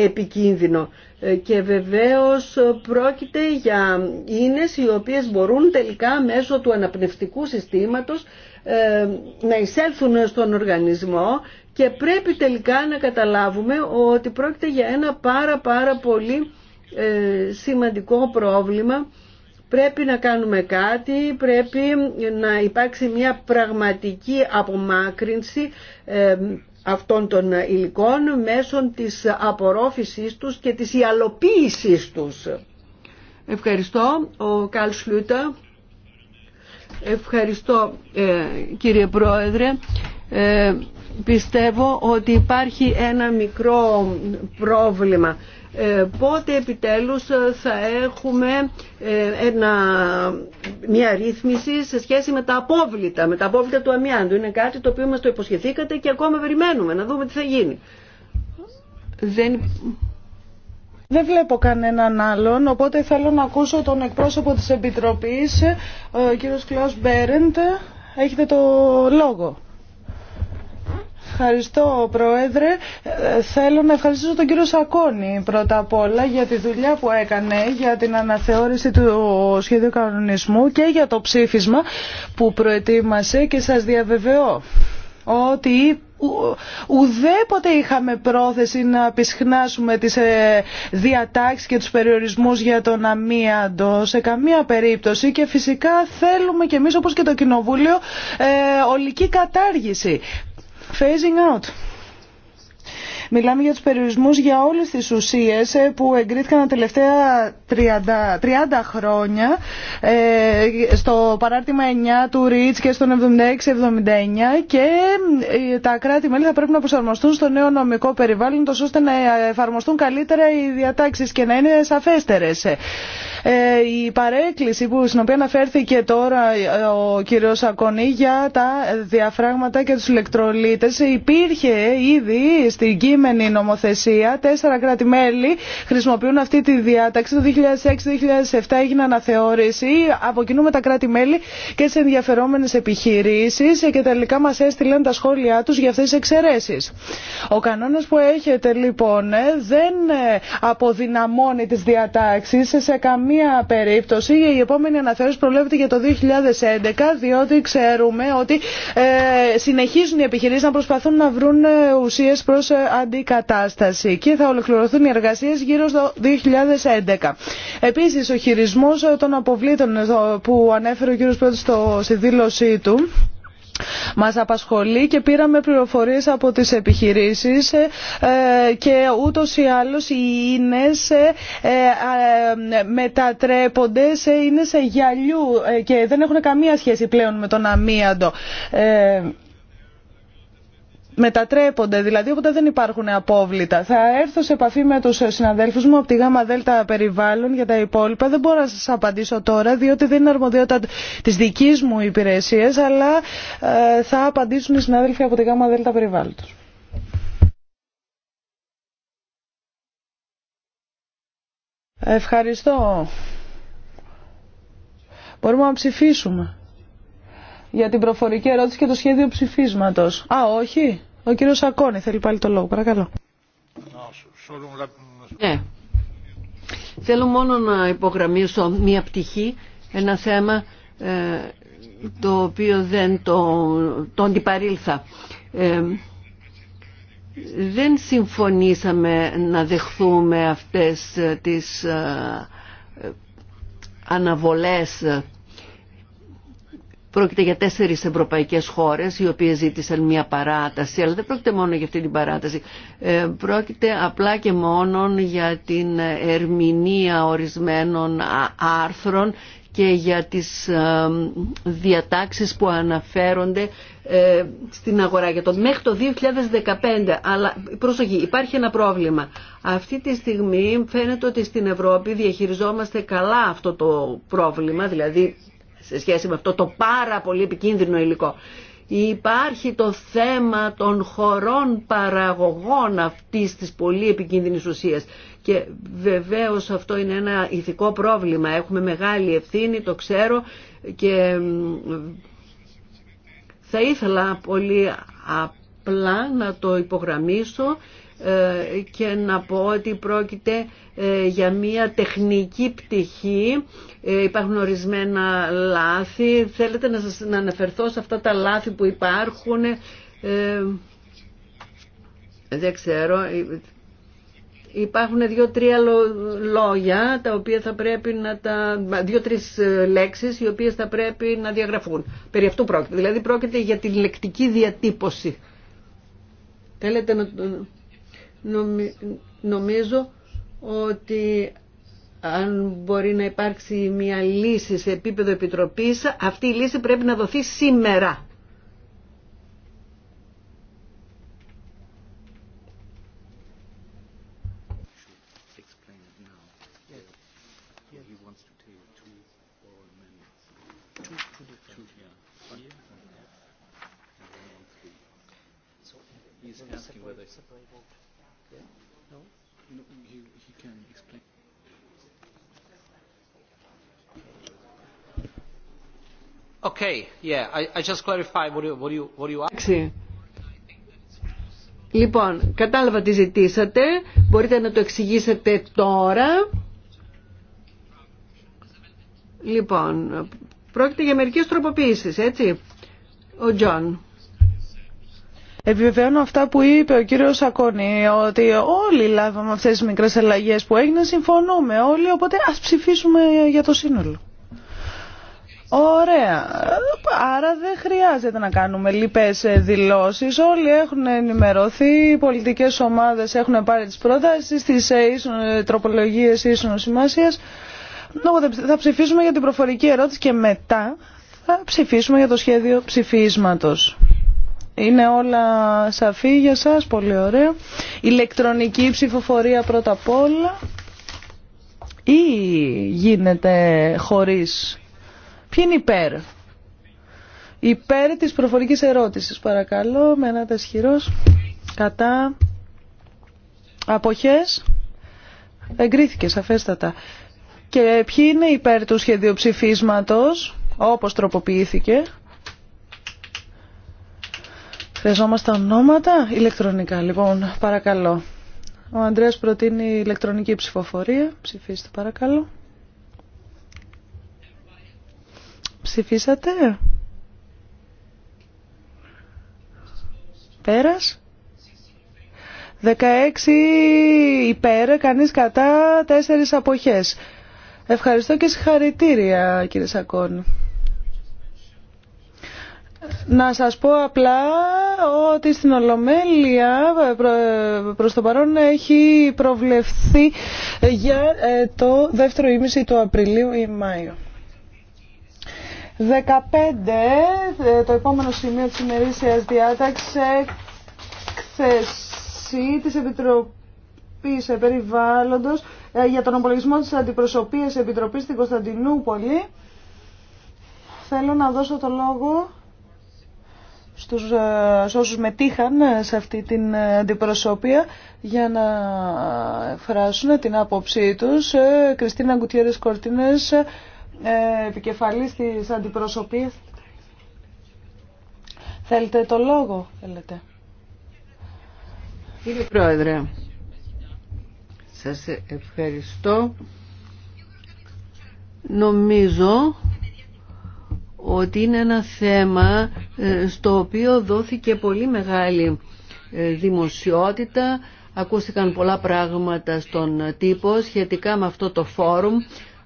επικίνδυνο και βεβαίως πρόκειται για ίνες οι οποίες μπορούν τελικά μέσω του αναπνευστικού συστήματος ε, να εισέλθουν στον οργανισμό και πρέπει τελικά να καταλάβουμε ότι πρόκειται για ένα πάρα πάρα πολύ ε, σημαντικό πρόβλημα πρέπει να κάνουμε κάτι, πρέπει να υπάρξει μια πραγματική απομάκρυνση ε, αυτών των υλικών μέσω της απορρόφησής τους και της ιαλοποίησής τους. Ευχαριστώ, ο Καλ Σλούτα. Ευχαριστώ, ε, κύριε Πρόεδρε. Ε, πιστεύω ότι υπάρχει ένα μικρό πρόβλημα. Ε, πότε επιτέλους ε, θα έχουμε ε, ένα, μια ρύθμιση σε σχέση με τα απόβλητα, με τα απόβλητα του αμοιάντου. Είναι κάτι το οποίο μας το υποσχεθήκατε και ακόμα περιμένουμε να δούμε τι θα γίνει. Δεν... Δεν βλέπω κανέναν άλλον, οπότε θέλω να ακούσω τον εκπρόσωπο της Επιτροπής, ο κύριος Κλωσ Μπέρεντ. Έχετε το λόγο. Ευχαριστώ, Πρόεδρε. Ε, θέλω να ευχαριστήσω τον κύριο Σακώνη πρώτα απ' όλα για τη δουλειά που έκανε, για την αναθεώρηση του σχέδιου κανονισμού και για το ψήφισμα που προετοίμασε και σας διαβεβαιώ ότι ουδέποτε είχαμε πρόθεση να πισχνάσουμε τις ε, διατάξεις και τους περιορισμούς για τον αμίαντο σε καμία περίπτωση και φυσικά θέλουμε και εμείς όπως και το Κοινοβούλιο ε, ολική κατάργηση. Phasing out. Μιλάμε για τους περιορισμούς για όλες τις ουσίες ε, που εγκρίθηκαν τα τελευταία 30, 30 χρόνια ε, στο παράρτημα 9 του ΡΙΤΣ και στον 76-79 και ε, τα κράτη-μέλη θα πρέπει να προσαρμοστούν στο νέο νομικό περιβάλλον ώστε να εφαρμοστούν καλύτερα οι διατάξεις και να είναι σαφέστερες. η παρέκκληση που, στην οποία αναφέρθηκε τώρα ο κύριος Σακονή για τα διαφράγματα και τους ηλεκτρολίτες υπήρχε ήδη στην κείμενη νομοθεσία. Τέσσερα κράτη-μέλη χρησιμοποιούν αυτή τη διάταξη. Το 2006-2007 έγινε αναθεώρηση. Αποκινούμε τα κράτη-μέλη και τι ενδιαφερόμενε επιχειρήσει και τελικά μα έστειλαν τα σχόλιά του για αυτέ τι εξαιρέσει. Ο κανόνα που έχετε λοιπόν ε, δεν ε, αποδυναμώνει τι διατάξει σε καμία περίπτωση. Η επόμενη αναθεώρηση προβλέπεται για το 2011 διότι ξέρουμε ότι ε, συνεχίζουν οι επιχειρήσει να προσπαθούν να βρουν ουσίε προ αντικατάσταση και θα ολοκληρωθούν οι εργασίες γύρω στο 2011. Επίσης, ο χειρισμός των αποβλήτων που ανέφερε ο κύριος Πρόεδρος στη δήλωσή του μας απασχολεί και πήραμε πληροφορίες από τις επιχειρήσεις ε, και ούτως ή άλλως οι ίνες ε, ε, μετατρέπονται σε ίνες γυαλιού και δεν έχουν καμία σχέση πλέον με τον αμίαντο μετατρέπονται, δηλαδή όποτε δεν υπάρχουν απόβλητα. Θα έρθω σε επαφή με τους συναδέλφους μου από τη ΓΑΜΑ Περιβάλλον για τα υπόλοιπα. Δεν μπορώ να σας απαντήσω τώρα, διότι δεν είναι αρμοδιότητα της δικής μου υπηρεσίας, αλλά ε, θα απαντήσουν οι συνάδελφοι από τη ΓΑΜΑ ΔΕΛΤΑ Ευχαριστώ. Μπορούμε να ψηφίσουμε για την προφορική ερώτηση και το σχέδιο ψηφίσματος. Α, όχι. Ο κύριος Σακώνη θέλει πάλι το λόγο. Παρακαλώ. Ναι. Θέλω μόνο να υπογραμμίσω μία πτυχή, ένα θέμα ε, το οποίο δεν το, το αντιπαρήλθα. Ε, δεν συμφωνήσαμε να δεχθούμε αυτές τις ε, αναβολές Πρόκειται για τέσσερις ευρωπαϊκές χώρες οι οποίες ζήτησαν μια παράταση, αλλά δεν πρόκειται μόνο για αυτή την παράταση. Ε, πρόκειται απλά και μόνο για την ερμηνεία ορισμένων άρθρων και για τις ε, διατάξεις που αναφέρονται ε, στην αγορά για τον μέχρι το 2015. Αλλά προσοχή, υπάρχει ένα πρόβλημα. Αυτή τη στιγμή φαίνεται ότι στην Ευρώπη διαχειριζόμαστε καλά αυτό το πρόβλημα, δηλαδή σε σχέση με αυτό το πάρα πολύ επικίνδυνο υλικό. Υπάρχει το θέμα των χωρών παραγωγών αυτής της πολύ επικίνδυνης ουσίας και βεβαίως αυτό είναι ένα ηθικό πρόβλημα. Έχουμε μεγάλη ευθύνη, το ξέρω και θα ήθελα πολύ απλά να το υπογραμμίσω και να πω ότι πρόκειται ε, για μια τεχνική πτυχή. Ε, υπάρχουν ορισμένα λάθη. Θέλετε να να αναφερθώ σε αυτά τα λάθη που υπάρχουν. Ε, δεν ξέρω. Υπάρχουν δύο-τρία λόγια τα οποία θα πρέπει να τα. δύο-τρει λέξει οι οποίε θα πρέπει να διαγραφούν. Περί αυτού πρόκειται. Δηλαδή πρόκειται για τη λεκτική διατύπωση. Θέλετε να νομίζω ότι αν μπορεί να υπάρξει μια λύση σε επίπεδο επιτροπής, αυτή η λύση πρέπει να δοθεί σήμερα. Λοιπόν, κατάλαβα τι ζητήσατε. Μπορείτε να το εξηγήσετε τώρα. Λοιπόν, πρόκειται για μερικές τροποποίησεις, έτσι. Ο Τζον. Επιβεβαιώνω αυτά που είπε ο κύριος Σακώνη, ότι όλοι λάβαμε αυτές τις μικρές αλλαγές που έγιναν, συμφωνούμε όλοι, οπότε ας ψηφίσουμε για το σύνολο. Ωραία. Άρα δεν χρειάζεται να κάνουμε λοιπές δηλώσεις. Όλοι έχουν ενημερωθεί, οι πολιτικές ομάδες έχουν πάρει τις προτάσεις, τις ε, ε, τροπολογίες ίσων σημασίας. Θα ψηφίσουμε για την προφορική ερώτηση και μετά θα ψηφίσουμε για το σχέδιο ψηφίσματος. Είναι όλα σαφή για σας, πολύ ωραία. Ηλεκτρονική ψηφοφορία πρώτα απ' όλα ή γίνεται χωρίς Ποιοι είναι υπέρ. Υπέρ της προφορικής ερώτησης παρακαλώ με ένα τεσχυρός κατά αποχές εγκρίθηκε σαφέστατα. Και ποιοι είναι υπέρ του σχεδίου ψηφίσματος όπως τροποποιήθηκε. Χρειαζόμαστε ονόματα ηλεκτρονικά. Λοιπόν, παρακαλώ. Ο Ανδρέας προτείνει ηλεκτρονική ψηφοφορία. Ψηφίστε παρακαλώ. Ψηφίσατε. Πέρας. 16 υπέρ, κανείς κατά, τέσσερις αποχές. Ευχαριστώ και συγχαρητήρια κύριε Σακών. Να σας πω απλά ότι στην Ολομέλεια προς το παρόν έχει προβλεφθεί για ε, το δεύτερο ήμιση του Απριλίου ή Μάιο. 15, ε, το επόμενο σημείο της ημερήσιας διάταξης, εκθεσή της Επιτροπής Περιβάλλοντος ε, για τον απολογισμό της Αντιπροσωπείας Επιτροπής στην Κωνσταντινούπολη. Θέλω να δώσω το λόγο στους ε, όσους μετήχαν σε αυτή την αντιπροσωπεία για να φράσουν την άποψή τους. Κριστίνα Γκουτιέρες Κορτίνες, ε, επικεφαλής της αντιπροσωπείας. Θέλετε το λόγο, θέλετε. Κύριε Πρόεδρε, σας ευχαριστώ. Νομίζω ότι είναι ένα θέμα ε, στο οποίο δόθηκε πολύ μεγάλη ε, δημοσιότητα. Ακούστηκαν πολλά πράγματα στον τύπο σχετικά με αυτό το φόρουμ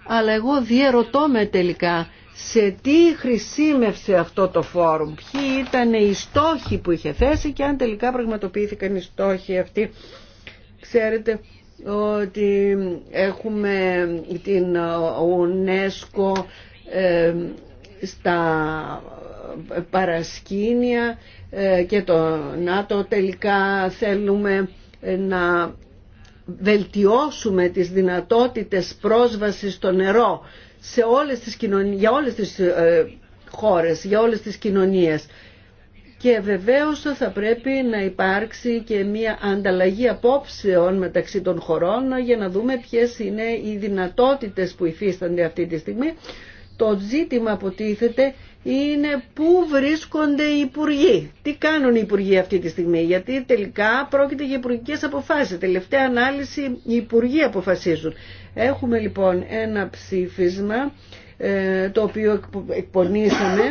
αλλά εγώ διαρωτώ με τελικά σε τι χρησιμεύσε αυτό το φόρουμ, ποιοι ήταν οι στόχοι που είχε θέσει και αν τελικά πραγματοποιήθηκαν οι στόχοι αυτοί. Ξέρετε ότι έχουμε την UNESCO ε, στα παρασκήνια ε, και το ΝΑΤΟ τελικά θέλουμε να βελτιώσουμε τις δυνατότητες πρόσβασης στο νερό σε όλες τις κοινωνίες, για όλες τις ε, χώρες, για όλες τις κοινωνίες. Και βεβαίως θα πρέπει να υπάρξει και μια ανταλλαγή απόψεων μεταξύ των χωρών για να δούμε ποιες είναι οι δυνατότητες που υφίστανται αυτή τη στιγμή. Το ζήτημα αποτίθεται είναι πού βρίσκονται οι υπουργοί. Τι κάνουν οι υπουργοί αυτή τη στιγμή, γιατί τελικά πρόκειται για υπουργικέ αποφάσεις. Τελευταία ανάλυση οι υπουργοί αποφασίζουν. Έχουμε λοιπόν ένα ψήφισμα ε, το οποίο εκπονήσαμε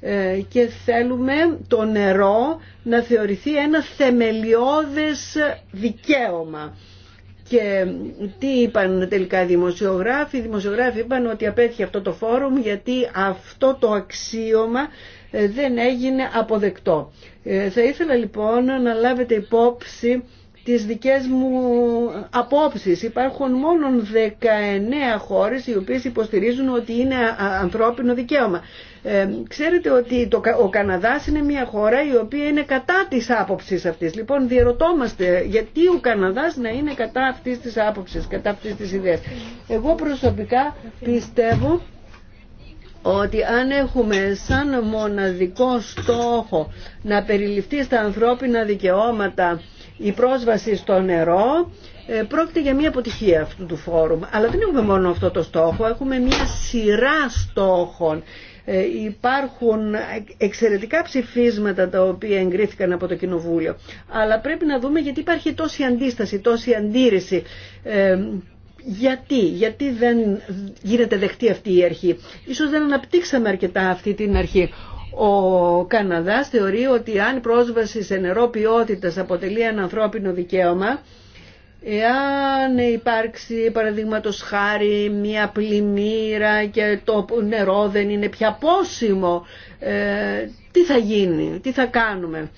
ε, και θέλουμε το νερό να θεωρηθεί ένα θεμελιώδες δικαίωμα. Και τι είπαν τελικά οι δημοσιογράφοι. Οι δημοσιογράφοι είπαν ότι απέτυχε αυτό το φόρουμ γιατί αυτό το αξίωμα ε, δεν έγινε αποδεκτό. Ε, θα ήθελα λοιπόν να λάβετε υπόψη τις δικές μου απόψεις. Υπάρχουν μόνο 19 χώρες οι οποίες υποστηρίζουν ότι είναι ανθρώπινο δικαίωμα. Ε, ξέρετε ότι το, ο Καναδάς είναι μια χώρα η οποία είναι κατά της άποψης αυτής. Λοιπόν, διερωτόμαστε γιατί ο Καναδάς να είναι κατά αυτής της άποψης, κατά αυτής της ιδέας. Εγώ προσωπικά πιστεύω ότι αν έχουμε σαν μοναδικό στόχο να περιληφθεί στα ανθρώπινα δικαιώματα η πρόσβαση στο νερό ε, πρόκειται για μια αποτυχία αυτού του φόρουμ. Αλλά δεν έχουμε μόνο αυτό το στόχο, έχουμε μια σειρά στόχων. Ε, υπάρχουν εξαιρετικά ψηφίσματα τα οποία εγκρίθηκαν από το Κοινοβούλιο. Αλλά πρέπει να δούμε γιατί υπάρχει τόση αντίσταση, τόση αντίρρηση. Ε, γιατί, γιατί δεν γίνεται δεχτή αυτή η αρχή. Ίσως δεν αναπτύξαμε αρκετά αυτή την αρχή. Ο Καναδάς θεωρεί ότι αν πρόσβαση σε νερό ποιότητας αποτελεί ένα ανθρώπινο δικαίωμα, εάν υπάρξει παραδείγματο χάρη μια πλημμύρα και το νερό δεν είναι πια πόσιμο, ε, τι θα γίνει, τι θα κάνουμε.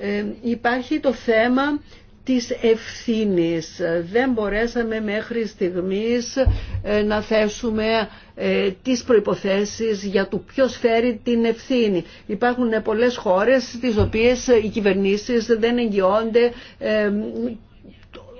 Ε, υπάρχει το θέμα τις ευθύνες Δεν μπορέσαμε μέχρι στιγμής ε, να θέσουμε ε, τις προϋποθέσεις για το ποιος φέρει την ευθύνη. Υπάρχουν πολλές χώρες τις οποίες οι κυβερνήσεις δεν εγγυώνται ε,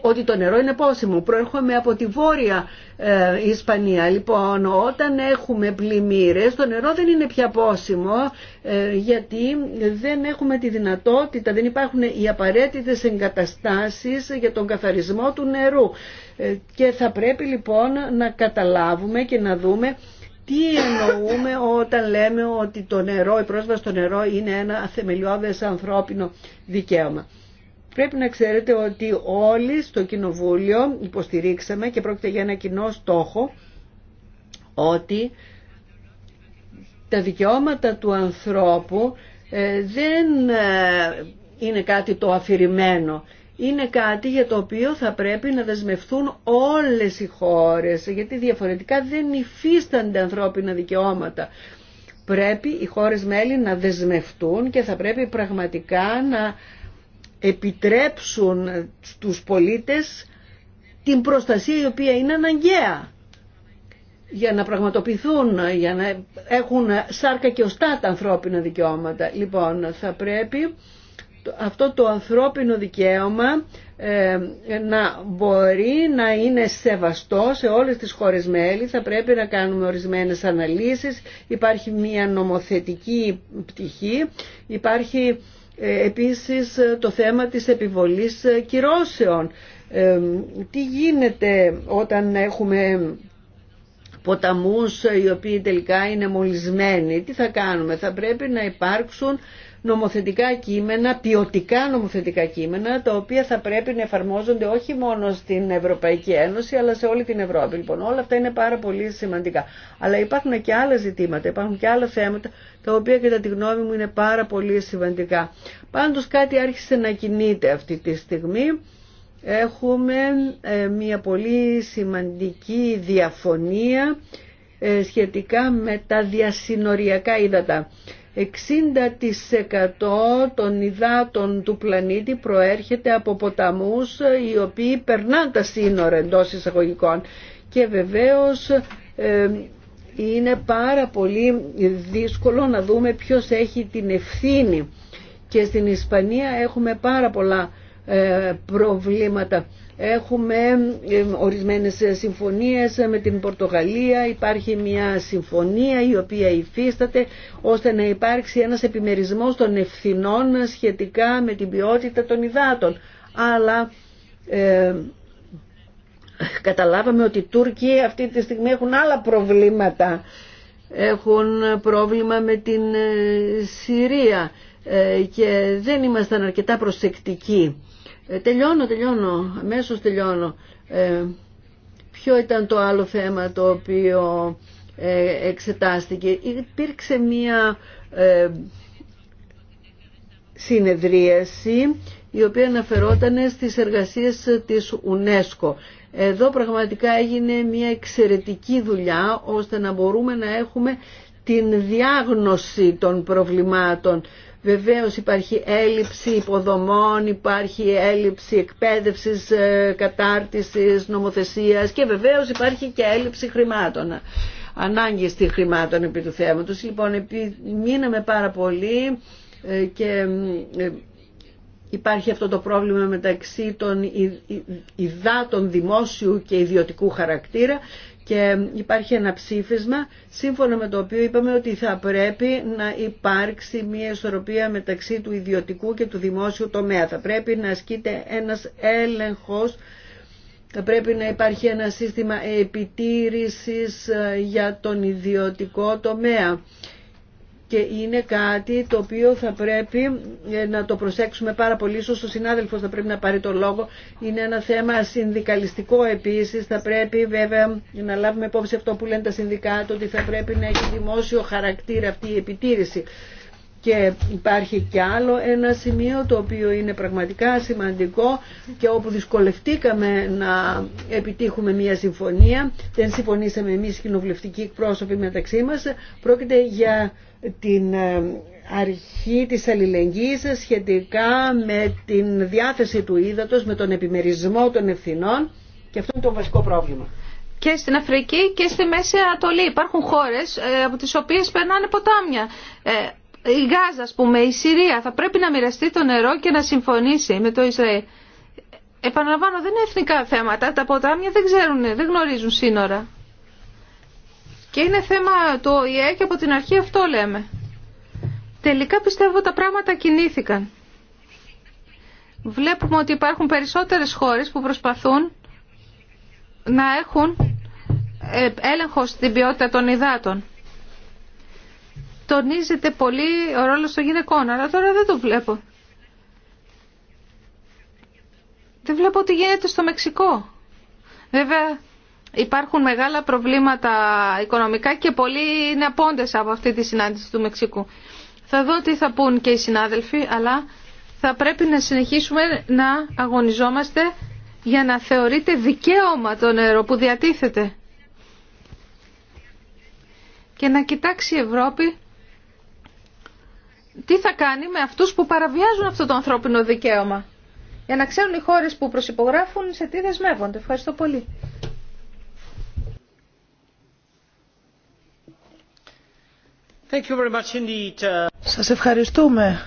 ότι το νερό είναι πόσιμο. Προέρχομαι από τη βόρεια ε, Ισπανία. Λοιπόν, όταν έχουμε πλημμύρες, το νερό δεν είναι πια πόσιμο, ε, γιατί δεν έχουμε τη δυνατότητα, δεν υπάρχουν οι απαραίτητες εγκαταστάσεις για τον καθαρισμό του νερού. Ε, και θα πρέπει λοιπόν να καταλάβουμε και να δούμε τι εννοούμε όταν λέμε ότι το νερό, η πρόσβαση στο νερό είναι ένα θεμελιώδες ανθρώπινο δικαίωμα. Πρέπει να ξέρετε ότι όλοι στο Κοινοβούλιο υποστηρίξαμε και πρόκειται για ένα κοινό στόχο ότι τα δικαιώματα του ανθρώπου ε, δεν ε, είναι κάτι το αφηρημένο. Είναι κάτι για το οποίο θα πρέπει να δεσμευτούν όλες οι χώρες, γιατί διαφορετικά δεν υφίστανται ανθρώπινα δικαιώματα. Πρέπει οι χώρες μέλη να δεσμευτούν και θα πρέπει πραγματικά να επιτρέψουν στους πολίτες την προστασία η οποία είναι αναγκαία για να πραγματοποιηθούν, για να έχουν σάρκα και οστά τα ανθρώπινα δικαιώματα. Λοιπόν, θα πρέπει αυτό το ανθρώπινο δικαίωμα ε, να μπορεί να είναι σεβαστό σε όλες τις χώρες μέλη. Θα πρέπει να κάνουμε ορισμένες αναλύσεις. Υπάρχει μια νομοθετική πτυχή. Υπάρχει ε, επίσης ε, το θέμα της επιβολής ε, κυρώσεων. Τι γίνεται όταν έχουμε ποταμούς οι οποίοι τελικά είναι μολυσμένοι. Τι θα κάνουμε. Θα πρέπει να υπάρξουν νομοθετικά κείμενα, ποιοτικά νομοθετικά κείμενα, τα οποία θα πρέπει να εφαρμόζονται όχι μόνο στην Ευρωπαϊκή Ένωση, αλλά σε όλη την Ευρώπη. Λοιπόν, όλα αυτά είναι πάρα πολύ σημαντικά. Αλλά υπάρχουν και άλλα ζητήματα, υπάρχουν και άλλα θέματα, τα οποία κατά τη γνώμη μου είναι πάρα πολύ σημαντικά. Πάντως κάτι άρχισε να κινείται αυτή τη στιγμή. Έχουμε ε, μια πολύ σημαντική διαφωνία ε, σχετικά με τα διασυνοριακά ύδατα. 60% των υδάτων του πλανήτη προέρχεται από ποταμούς οι οποίοι περνάνε τα σύνορα εντό εισαγωγικών και βεβαίως ε, είναι πάρα πολύ δύσκολο να δούμε ποιος έχει την ευθύνη και στην Ισπανία έχουμε πάρα πολλά ε, προβλήματα Έχουμε ορισμένες ε, συμφωνίες ε, με την Πορτογαλία, υπάρχει μια συμφωνία η οποία υφίσταται ώστε να υπάρξει ένας επιμερισμός των ευθυνών σχετικά με την ποιότητα των υδάτων. Αλλά καταλάβαμε ότι οι Τούρκοι αυτή τη στιγμή έχουν άλλα προβλήματα. Έχουν πρόβλημα με την ε, Συρία και δεν ήμασταν αρκετά προσεκτικοί ε, τελειώνω, τελειώνω, αμέσω τελειώνω. Ε, ποιο ήταν το άλλο θέμα το οποίο ε, εξετάστηκε. Υπήρξε μία ε, συνεδρίαση η οποία αναφερόταν στις εργασίες της UNESCO. Εδώ πραγματικά έγινε μια εξαιρετική δουλειά ώστε να μπορούμε να έχουμε την διάγνωση των προβλημάτων Βεβαίως υπάρχει έλλειψη υποδομών, υπάρχει έλλειψη εκπαίδευσης, ε, κατάρτισης, νομοθεσίας και βεβαίως υπάρχει και έλλειψη χρημάτων. Ανάγκη στη χρημάτων επί του θέματος. Λοιπόν, μείναμε πάρα πολύ ε, και ε, υπάρχει αυτό το πρόβλημα μεταξύ των υδάτων δημόσιου και ιδιωτικού χαρακτήρα και υπάρχει ένα ψήφισμα σύμφωνα με το οποίο είπαμε ότι θα πρέπει να υπάρξει μια ισορροπία μεταξύ του ιδιωτικού και του δημόσιου τομέα. Θα πρέπει να ασκείται ένας έλεγχος, θα πρέπει να υπάρχει ένα σύστημα επιτήρησης ε, για τον ιδιωτικό τομέα και είναι κάτι το οποίο θα πρέπει ε, να το προσέξουμε πάρα πολύ. Ίσως ο συνάδελφος θα πρέπει να πάρει το λόγο. Είναι ένα θέμα συνδικαλιστικό επίσης. Θα πρέπει βέβαια να λάβουμε υπόψη αυτό που λένε τα συνδικάτα ότι θα πρέπει να έχει δημόσιο χαρακτήρα αυτή η επιτήρηση. Και υπάρχει και άλλο ένα σημείο το οποίο είναι πραγματικά σημαντικό και όπου δυσκολευτήκαμε να επιτύχουμε μια συμφωνία, δεν συμφωνήσαμε εμείς κοινοβουλευτικοί εκπρόσωποι μεταξύ μας, πρόκειται για την ε, αρχή της αλληλεγγύης σχετικά με την διάθεση του ύδατος, με τον επιμερισμό των ευθυνών και αυτό είναι το βασικό πρόβλημα. Και στην Αφρική και στη Μέση Ανατολή υπάρχουν χώρες ε, από τις οποίες περνάνε ποτάμια. Ε, η Γάζα, ας πούμε, η Συρία θα πρέπει να μοιραστεί το νερό και να συμφωνήσει με το Ισραήλ. Επαναλαμβάνω, δεν είναι εθνικά θέματα. Τα ποτάμια δεν ξέρουν, δεν γνωρίζουν σύνορα. Και είναι θέμα το ΟΗΕ και από την αρχή αυτό λέμε. Τελικά πιστεύω τα πράγματα κινήθηκαν. Βλέπουμε ότι υπάρχουν περισσότερες χώρες που προσπαθούν να έχουν ε, έλεγχο στην ποιότητα των υδάτων. Τονίζεται πολύ ο ρόλος των γυναικών, αλλά τώρα δεν το βλέπω. Δεν βλέπω ότι γίνεται στο Μεξικό. Βέβαια, Υπάρχουν μεγάλα προβλήματα οικονομικά και πολλοί είναι απόντες από αυτή τη συνάντηση του Μεξικού. Θα δω τι θα πούν και οι συνάδελφοι, αλλά θα πρέπει να συνεχίσουμε να αγωνιζόμαστε για να θεωρείται δικαίωμα το νερό που διατίθεται. Και να κοιτάξει η Ευρώπη τι θα κάνει με αυτούς που παραβιάζουν αυτό το ανθρώπινο δικαίωμα. Για να ξέρουν οι χώρες που προσυπογράφουν σε τι δεσμεύονται. Ευχαριστώ πολύ. Uh, Σας ευχαριστούμε.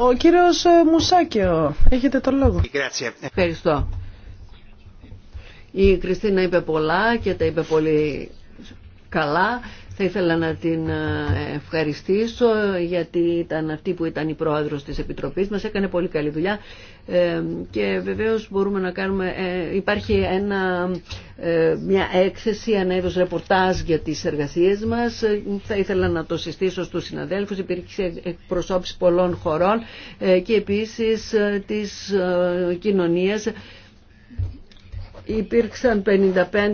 Ο κύριος ε, Μουσάκιο, έχετε τον λόγο. Ευχαριστώ. Η Κριστίνα είπε πολλά και τα είπε πολύ καλά θα ήθελα να την ε, ευχαριστήσω γιατί ήταν αυτή που ήταν η πρόεδρος της Επιτροπής μας, έκανε πολύ καλή δουλειά ε, και βεβαίως μπορούμε να κάνουμε, ε, υπάρχει ένα, μια έκθεση, ένα είδος ρεπορτάζ για τις εργασίες μας. Θα ήθελα να το συστήσω στους συναδέλφους, υπήρξε εκπροσώπηση πολλών χωρών και επίσης της κοινωνίας Υπήρξαν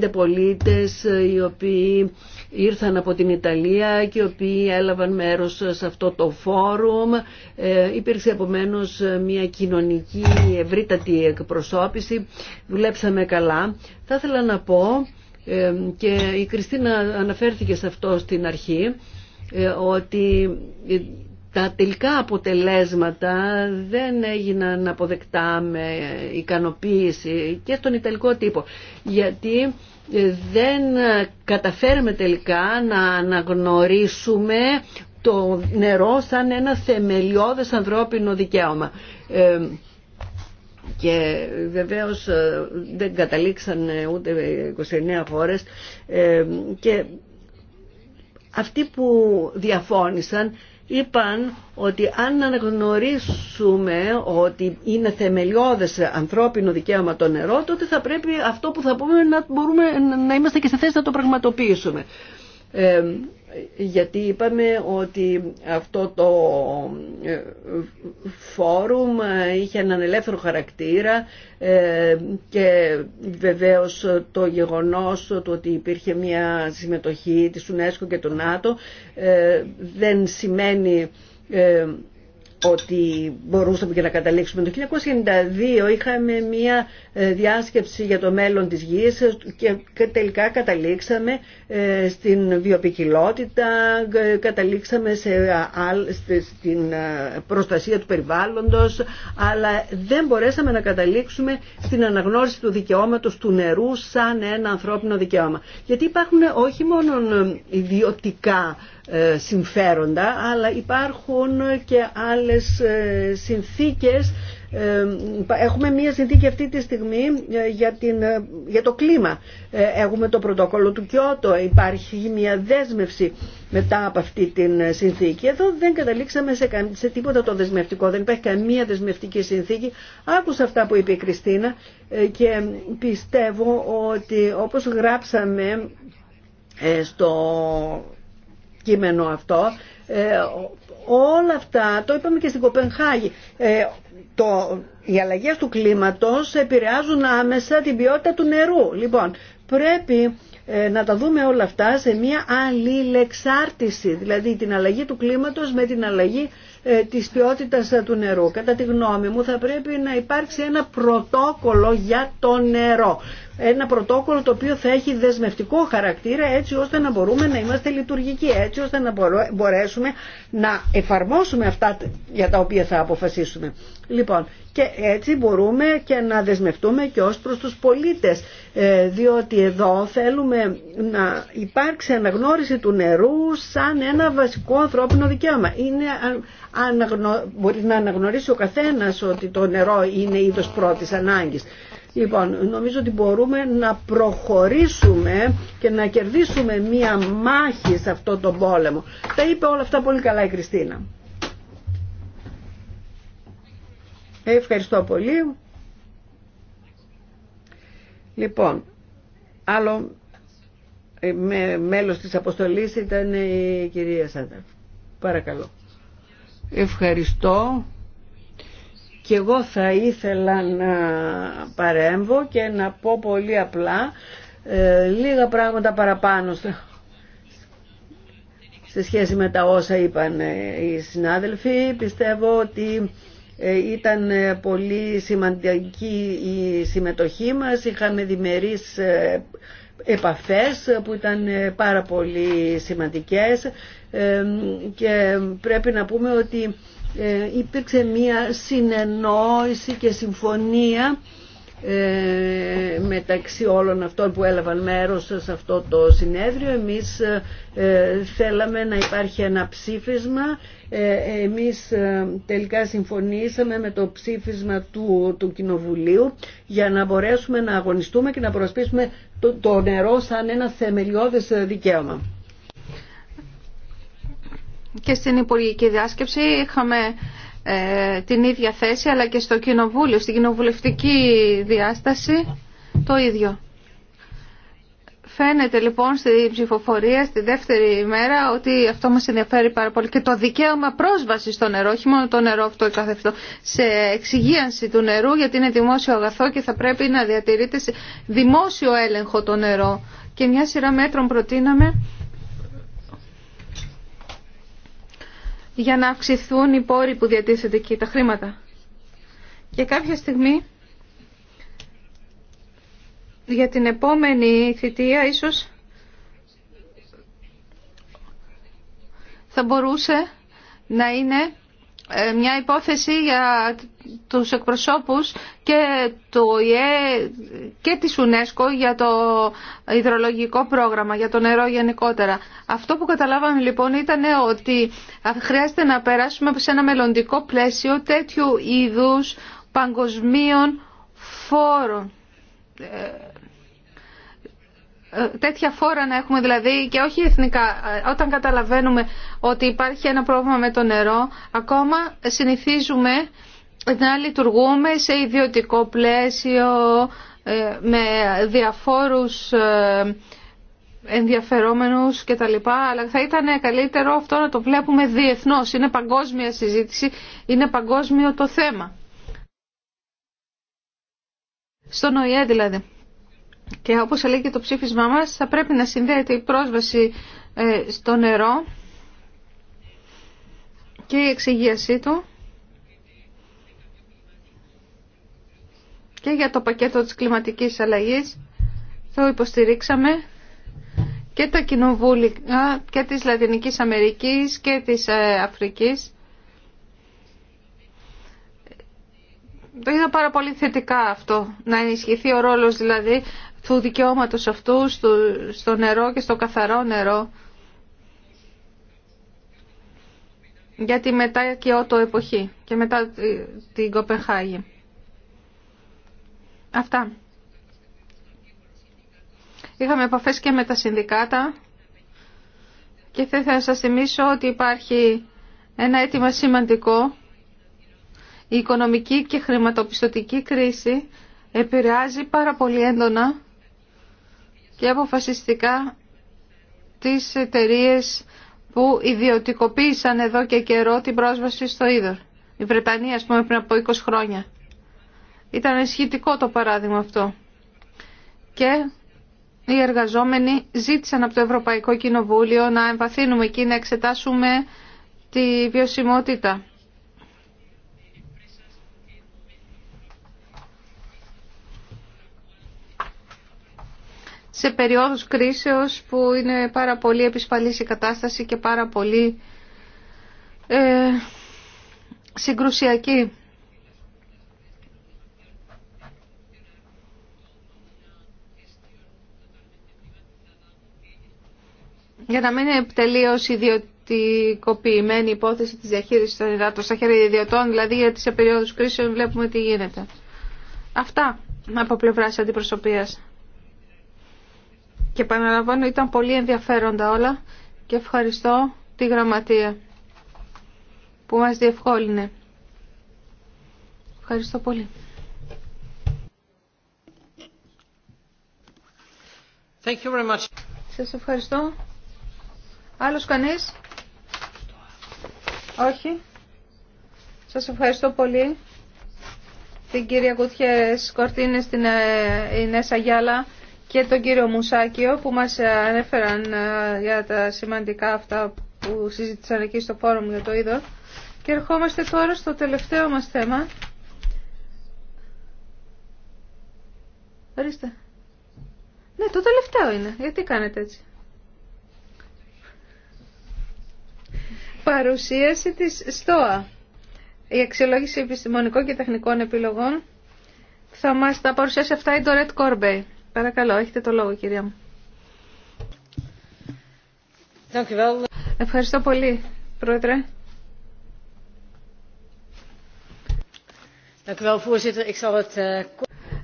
55 πολίτες ε, οι οποίοι ήρθαν από την Ιταλία και οι οποίοι έλαβαν μέρος σε αυτό το φόρουμ. Ε, υπήρξε επομένως μια κοινωνική ευρύτατη εκπροσώπηση. Δουλέψαμε καλά. Θα ήθελα να πω ε, και η Κριστίνα αναφέρθηκε σε αυτό στην αρχή ότι τα τελικά αποτελέσματα δεν έγιναν αποδεκτά με ικανοποίηση και στον Ιταλικό τύπο. Γιατί δεν καταφέρουμε τελικά να αναγνωρίσουμε το νερό σαν ένα θεμελιώδες ανθρώπινο δικαίωμα. Ε, και βεβαίως ε, δεν καταλήξαν ούτε 29 χώρες ε, και αυτοί που διαφώνησαν είπαν ότι αν αναγνωρίσουμε ότι είναι θεμελιώδες ανθρώπινο δικαίωμα το νερό, τότε θα πρέπει αυτό που θα πούμε να, μπορούμε, να είμαστε και σε θέση να το πραγματοποιήσουμε. Ε, γιατί είπαμε ότι αυτό το ε, φόρουμ είχε έναν ελεύθερο χαρακτήρα ε, και βεβαίως το γεγονός του ότι υπήρχε μια συμμετοχή της UNESCO και του ΝΑΤΟ ε, δεν σημαίνει ότι μπορούσαμε και να καταλήξουμε. Το 1992 είχαμε μία ε, διάσκεψη για το μέλλον της γης και τελικά καταλήξαμε ε, στην βιοπικιλότητα, ε, καταλήξαμε σε, στην προστασία του περιβάλλοντος, αλλά δεν μπορέσαμε να καταλήξουμε στην αναγνώριση του δικαιώματος του νερού σαν ένα ανθρώπινο δικαίωμα. Γιατί υπάρχουν όχι μόνο ιδιωτικά ε, συμφέροντα, αλλά υπάρχουν και άλλες ε, συνθήκες. Ε, έχουμε μία συνθήκη αυτή τη στιγμή για, το κλίμα. Έχουμε το πρωτόκολλο του Κιώτο, υπάρχει μία δέσμευση μετά από αυτή τη συνθήκη. Εδώ δεν καταλήξαμε σε, σε τίποτα το δεσμευτικό, δεν υπάρχει καμία δεσμευτική συνθήκη. Άκουσα αυτά που είπε η Κριστίνα και πιστεύω ότι όπως γράψαμε στο κείμενο αυτό. Ε, όλα αυτά, το είπαμε και στην Κοπενχάγη, ε, το, οι αλλαγές του κλίματος επηρεάζουν άμεσα την ποιότητα του νερού. Λοιπόν, πρέπει ε, να τα δούμε όλα αυτά σε μια αλληλεξάρτηση, δηλαδή την αλλαγή του κλίματος με την αλλαγή ε, της ποιότητας του νερού. Κατά τη γνώμη μου θα πρέπει να υπάρξει ένα πρωτόκολλο για το νερό ένα πρωτόκολλο το οποίο θα έχει δεσμευτικό χαρακτήρα έτσι ώστε να μπορούμε να είμαστε λειτουργικοί, έτσι ώστε να μπορέσουμε να εφαρμόσουμε αυτά για τα οποία θα αποφασίσουμε. Λοιπόν, και έτσι μπορούμε και να δεσμευτούμε και ως προς τους πολίτες, ε, διότι εδώ θέλουμε να υπάρξει αναγνώριση του νερού σαν ένα βασικό ανθρώπινο δικαίωμα. Είναι, Μπορεί να αναγνωρίσει ο καθένας ότι το νερό είναι είδος πρώτης ανάγκης. Λοιπόν, νομίζω ότι μπορούμε να προχωρήσουμε και να κερδίσουμε μία μάχη σε αυτό τον πόλεμο. Τα είπε όλα αυτά πολύ καλά η Κριστίνα. Ευχαριστώ πολύ. Λοιπόν, άλλο ε, με, μέλος της αποστολής ήταν η κυρία Σάντα. Παρακαλώ. Ευχαριστώ. Και εγώ θα ήθελα να παρέμβω και να πω πολύ απλά ε, λίγα πράγματα παραπάνω σε σχέση με τα όσα είπαν ε, οι συνάδελφοι. Πιστεύω ότι ε, ήταν πολύ σημαντική η συμμετοχή μας. Είχαμε διμερείς επαφές που ήταν πάρα πολύ σημαντικές και πρέπει να πούμε ότι ε, υπήρξε μία συνεννόηση και συμφωνία ε, μεταξύ όλων αυτών που έλαβαν μέρος σε αυτό το συνέδριο. Εμείς ε, θέλαμε να υπάρχει ένα ψήφισμα. Εμείς τελικά συμφωνήσαμε με το ψήφισμα του, του Κοινοβουλίου για να μπορέσουμε να αγωνιστούμε και να προσπίσουμε το, το νερό σαν ένα θεμελιώδες δικαίωμα και στην Υπουργική Διάσκεψη είχαμε ε, την ίδια θέση αλλά και στο Κοινοβούλιο, στην Κοινοβουλευτική Διάσταση το ίδιο. Φαίνεται λοιπόν στη ψηφοφορία, στη δεύτερη ημέρα, ότι αυτό μας ενδιαφέρει πάρα πολύ. Και το δικαίωμα πρόσβαση στο νερό, όχι μόνο το νερό αυτό καθευτό, σε εξυγίανση του νερού, γιατί είναι δημόσιο αγαθό και θα πρέπει να διατηρείται σε δημόσιο έλεγχο το νερό. Και μια σειρά μέτρων προτείναμε για να αυξηθούν οι πόροι που διατίθεται εκεί, τα χρήματα. Και κάποια στιγμή για την επόμενη θητεία ίσως θα μπορούσε να είναι ε, μια υπόθεση για τους εκπροσώπους και του ΙΕ και της UNESCO για το υδρολογικό πρόγραμμα, για το νερό γενικότερα. Αυτό που καταλάβαμε λοιπόν ήταν ότι χρειάζεται να περάσουμε σε ένα μελλοντικό πλαίσιο τέτοιου είδους παγκοσμίων φόρων ε, ε, τέτοια φόρα να έχουμε δηλαδή και όχι εθνικά. Ε, όταν καταλαβαίνουμε ότι υπάρχει ένα πρόβλημα με το νερό, ακόμα συνηθίζουμε να λειτουργούμε σε ιδιωτικό πλαίσιο, ε, με διαφόρους ενδιαφερόμενους και τα λοιπά, αλλά θα ήταν καλύτερο αυτό να το βλέπουμε διεθνώς. Είναι παγκόσμια συζήτηση, είναι παγκόσμιο το θέμα. Στον ΟΗΕ δηλαδή. Και όπως έλεγε το ψήφισμά μας, θα πρέπει να συνδέεται η πρόσβαση ε, στο νερό και η εξηγίασή του και για το πακέτο της κλιματικής αλλαγής το υποστηρίξαμε και τα κοινοβούλια και της Λατινικής Αμερικής και της ε, Αφρικής. Το είδα πάρα πολύ θετικά αυτό, να ενισχυθεί ο ρόλος δηλαδή του δικαιώματος αυτού στο νερό και στο καθαρό νερό για τη μετά και ότο εποχή και μετά την Κοπεχάγη. Αυτά. Είχαμε επαφές και με τα συνδικάτα και θα ήθελα να σας θυμίσω ότι υπάρχει ένα αίτημα σημαντικό. Η οικονομική και χρηματοπιστωτική κρίση επηρεάζει πάρα πολύ έντονα και αποφασιστικά τις εταιρείε που ιδιωτικοποίησαν εδώ και καιρό την πρόσβαση στο είδωρ. Η Βρετανία, ας πούμε, πριν από 20 χρόνια. Ήταν ισχυτικό το παράδειγμα αυτό. Και οι εργαζόμενοι ζήτησαν από το Ευρωπαϊκό Κοινοβούλιο να εμβαθύνουμε εκεί, να εξετάσουμε τη βιωσιμότητα σε περιόδους κρίσεως που είναι πάρα πολύ επισφαλής η κατάσταση και πάρα πολύ ε, συγκρουσιακή. Για να μην είναι τελείως ιδιωτικοποιημένη η υπόθεση της διαχείρισης των υδάτων στα χέρια ιδιωτών, δηλαδή γιατί σε περίοδους κρίσεων βλέπουμε τι γίνεται. Αυτά από πλευράς αντιπροσωπείας. Και επαναλαμβάνω ήταν πολύ ενδιαφέροντα όλα και ευχαριστώ τη γραμματεία που μας διευκόλυνε. Ευχαριστώ πολύ. Thank Σας ευχαριστώ. Άλλος κανείς? Όχι. Σας ευχαριστώ πολύ. Την κυρία Κουτιές Κορτίνες, την ε, Ινέσα Γιάλα και τον κύριο Μουσάκιο που μας ε, ανέφεραν ε, για τα σημαντικά αυτά που συζήτησαν εκεί στο φόρουμ για το είδο. Και ερχόμαστε τώρα στο τελευταίο μας θέμα. Ορίστε. Ναι, το τελευταίο είναι. Γιατί κάνετε έτσι. Παρουσίαση της ΣΤΟΑ. Η αξιολόγηση επιστημονικών και τεχνικών επιλογών θα μας τα παρουσιάσει αυτά η Ντορέτ Κόρμπεϊ. Παρακαλώ, έχετε το λόγο, κυρία μου. Ευχαριστώ πολύ, Πρόεδρε.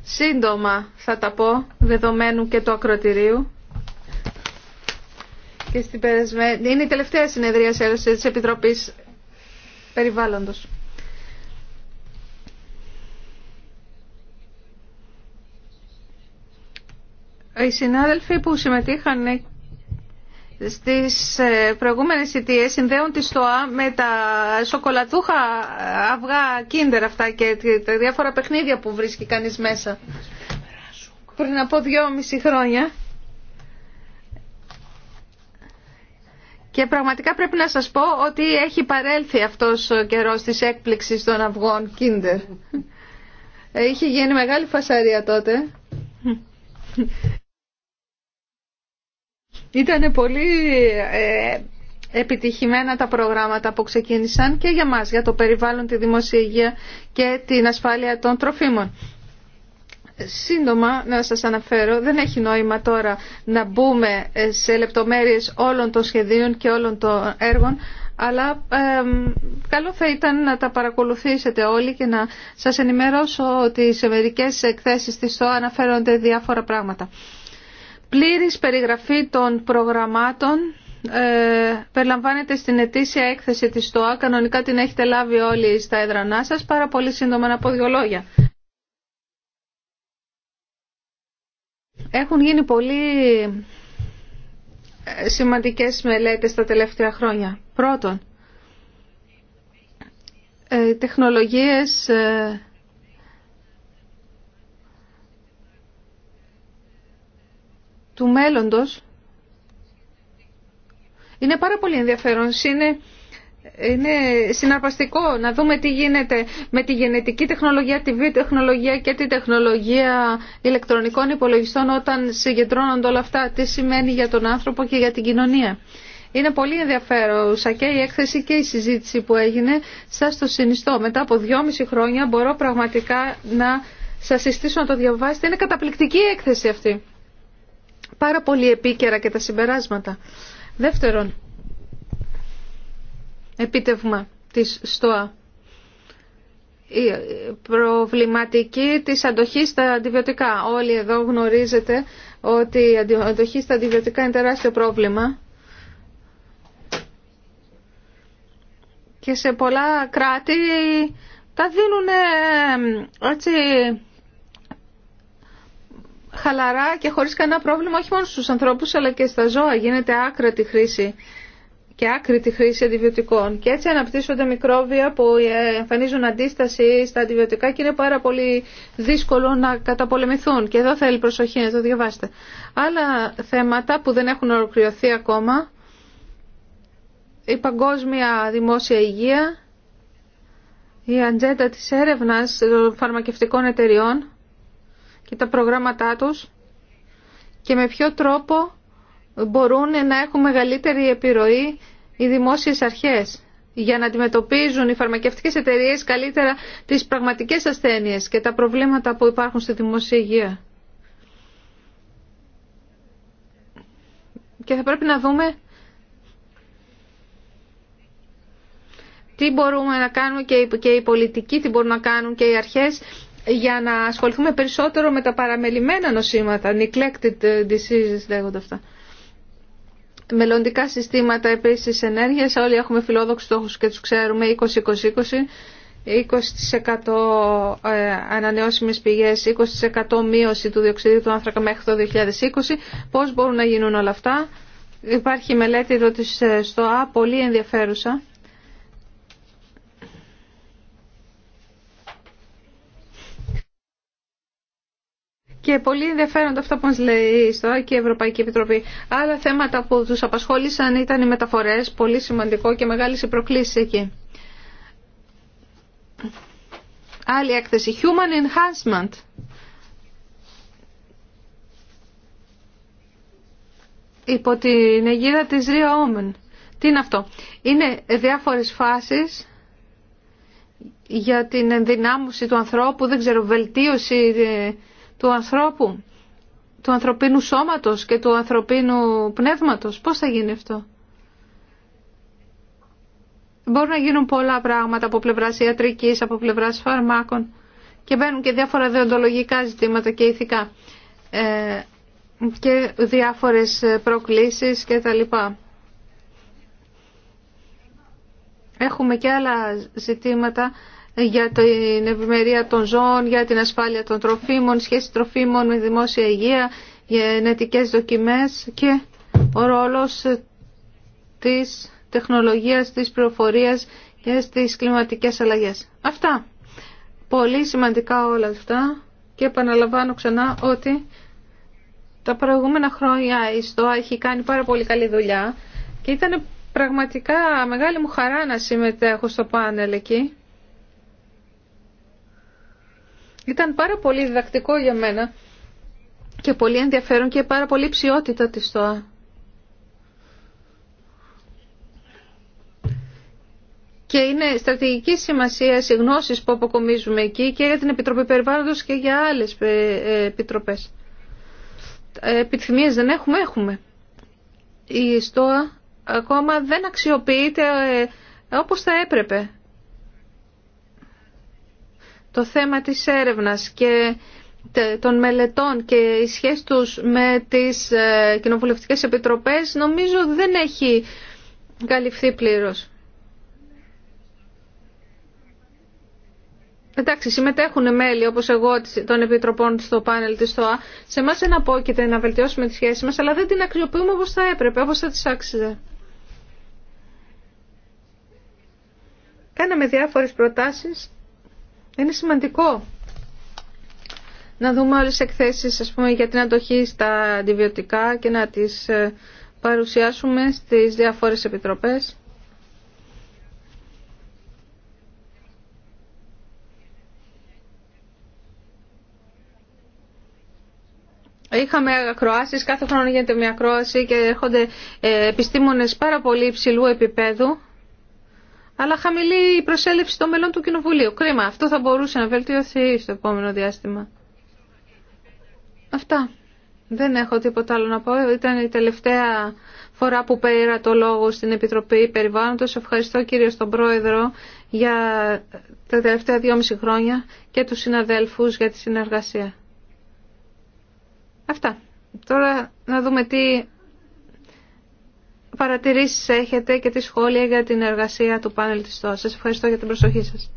Σύντομα θα τα πω, δεδομένου και του ακροτηρίου. Και στην Είναι η τελευταία συνεδρία της Επιτροπής Περιβάλλοντος. Οι συνάδελφοι που συμμετείχαν στις ε, προηγούμενες ηττίε συνδέουν τη στοά με τα σοκολατούχα αυγά κίντερ αυτά και τα διάφορα παιχνίδια που βρίσκει κανείς μέσα. Πριν από δυόμιση χρόνια. Και πραγματικά πρέπει να σας πω ότι έχει παρέλθει αυτός ο καιρός της έκπληξης των αυγών κίντερ. Είχε γίνει μεγάλη φασαρία τότε. Ήταν πολύ ε, επιτυχημένα τα προγράμματα που ξεκίνησαν και για μας, για το περιβάλλον, τη δημόσια υγεία και την ασφάλεια των τροφίμων. Σύντομα, να σας αναφέρω, δεν έχει νόημα τώρα να μπούμε ε, σε λεπτομέρειες όλων των σχεδίων και όλων των έργων, αλλά καλό θα ήταν να τα παρακολουθήσετε όλοι και να σας ενημερώσω ότι σε μερικές εκθέσεις της ΣΟΑ αναφέρονται διάφορα πράγματα. Πλήρης περιγραφή των προγραμμάτων ε, περιλαμβάνεται στην ετήσια έκθεση της ΣΤΟΑ. Κανονικά την έχετε λάβει όλοι στα έδρανά σας. Πάρα πολύ σύντομα να πω δύο λόγια. Έχουν γίνει πολύ ε, σημαντικές μελέτες τα τελευταία χρόνια. Πρώτον, ε, τεχνολογίες... Ε, του μέλλοντος είναι πάρα πολύ ενδιαφέρον. Είναι, είναι συναρπαστικό να δούμε τι γίνεται με τη γενετική τεχνολογία, τη βιοτεχνολογία και τη τεχνολογία ηλεκτρονικών υπολογιστών όταν συγκεντρώνονται όλα αυτά. Τι σημαίνει για τον άνθρωπο και για την κοινωνία. Είναι πολύ ενδιαφέρουσα και η έκθεση και η συζήτηση που έγινε. Σας το συνιστώ. Μετά από δυόμιση χρόνια μπορώ πραγματικά να σα συστήσω να το διαβάσετε. Είναι καταπληκτική η έκθεση αυτή πάρα πολύ επίκαιρα και τα συμπεράσματα. Δεύτερον, επίτευγμα της ΣΤΟΑ. Η προβληματική της αντοχής στα αντιβιωτικά. Όλοι εδώ γνωρίζετε ότι η αντοχή στα αντιβιωτικά είναι τεράστιο πρόβλημα. Και σε πολλά κράτη τα δίνουν ε, έτσι χαλαρά και χωρίς κανένα πρόβλημα όχι μόνο στους ανθρώπους αλλά και στα ζώα. Γίνεται άκρα τη χρήση και τη χρήση αντιβιωτικών. Και έτσι αναπτύσσονται μικρόβια που ε, εμφανίζουν αντίσταση στα αντιβιωτικά και είναι πάρα πολύ δύσκολο να καταπολεμηθούν. Και εδώ θέλει προσοχή να το διαβάσετε. Άλλα θέματα που δεν έχουν ολοκληρωθεί ακόμα. Η παγκόσμια δημόσια υγεία, η ατζέντα της έρευνας των φαρμακευτικών εταιριών και τα προγράμματά τους και με ποιο τρόπο μπορούν να έχουν μεγαλύτερη επιρροή οι δημόσιες αρχές για να αντιμετωπίζουν οι φαρμακευτικές εταιρείες καλύτερα τις πραγματικές ασθένειες και τα προβλήματα που υπάρχουν στη δημόσια υγεία. Και θα πρέπει να δούμε τι μπορούμε να κάνουμε και οι πολιτικοί, τι μπορούν να κάνουν και οι αρχές για να ασχοληθούμε περισσότερο με τα παραμελημένα νοσήματα, neglected diseases λέγονται αυτά. Μελλοντικά συστήματα επίσης ενέργειας, όλοι έχουμε φιλόδοξους στόχους και τους ξέρουμε, 20-20-20, 20% ε, ανανεώσιμες πηγές, 20% μείωση του διοξυδίου του άνθρακα μέχρι το 2020. Πώς μπορούν να γίνουν όλα αυτά. Υπάρχει μελέτη εδώ της ε, ΣΤΟΑ, πολύ ενδιαφέρουσα, Και πολύ ενδιαφέροντα αυτά που μας λέει και η Ευρωπαϊκή Επιτροπή. Άλλα θέματα που τους απασχόλησαν ήταν οι μεταφορές, πολύ σημαντικό και μεγάλε οι προκλήσει εκεί. Άλλη έκθεση, Human Enhancement. Υπό την αιγίδα της Ρία Όμεν. Τι είναι αυτό. Είναι διάφορες φάσεις για την ενδυνάμωση του ανθρώπου, δεν ξέρω, βελτίωση ε, του ανθρώπου, του ανθρωπίνου σώματος και του ανθρωπίνου πνεύματος. Πώς θα γίνει αυτό. Μπορούν να γίνουν πολλά πράγματα από πλευράς ιατρικής, από πλευράς φαρμάκων και μπαίνουν και διάφορα δεοντολογικά ζητήματα και ηθικά ε, και διάφορες προκλήσεις και τα λοιπά. Έχουμε και άλλα ζητήματα για την ευημερία των ζώων, για την ασφάλεια των τροφίμων, σχέση τροφίμων με δημόσια υγεία, γενετικές δοκιμές και ο ρόλος της τεχνολογίας, της πληροφορία και στις κλιματικές αλλαγές. Αυτά. Πολύ σημαντικά όλα αυτά και επαναλαμβάνω ξανά ότι τα προηγούμενα χρόνια η ΣΤΟΑ έχει κάνει πάρα πολύ καλή δουλειά και ήταν πραγματικά μεγάλη μου χαρά να συμμετέχω στο πάνελ εκεί. Ήταν πάρα πολύ διδακτικό για μένα και πολύ ενδιαφέρον και πάρα πολύ ψιότητα τη ΣΤΟΑ. Και είναι στρατηγική σημασία οι γνώσει που αποκομίζουμε εκεί και για την Επιτροπή Περιβάλλοντος και για άλλες ε, επιτροπές. Ε, επιθυμίες δεν έχουμε, έχουμε. Η ΣΤΟΑ ακόμα δεν αξιοποιείται ε, όπως θα έπρεπε το θέμα της έρευνας και των μελετών και η σχέση τους με τις ε, κοινοβουλευτικές επιτροπές νομίζω δεν έχει καλυφθεί πλήρως. Εντάξει, συμμετέχουν μέλη όπως εγώ των επιτροπών στο πάνελ της ΣΤΟΑ. Σε εμάς δεν απόκειται να βελτιώσουμε τη σχέση μας, αλλά δεν την αξιοποιούμε όπως θα έπρεπε, όπως θα της άξιζε. Κάναμε διάφορες προτάσεις είναι σημαντικό να δούμε όλες τις εκθέσεις ας για την αντοχή στα αντιβιωτικά και να τις ε, παρουσιάσουμε στις διάφορες επιτροπές. Είχαμε ακροάσεις, κάθε χρόνο γίνεται μια ακρόαση και έρχονται ε, επιστήμονες πάρα πολύ υψηλού επίπεδου αλλά χαμηλή η προσέλευση των μελών του Κοινοβουλίου. Κρίμα, αυτό θα μπορούσε να βελτιωθεί στο επόμενο διάστημα. Αυτά. Δεν έχω τίποτα άλλο να πω. Ήταν η τελευταία φορά που πέρα το λόγο στην Επιτροπή Περιβάλλοντος. Ευχαριστώ κύριο στον Πρόεδρο για τα τελευταία δυόμιση χρόνια και τους συναδέλφους για τη συνεργασία. Αυτά. Τώρα να δούμε τι παρατηρήσεις έχετε και τη σχόλια για την εργασία του πάνελ της ΤΟΣ. Σας ευχαριστώ για την προσοχή σας.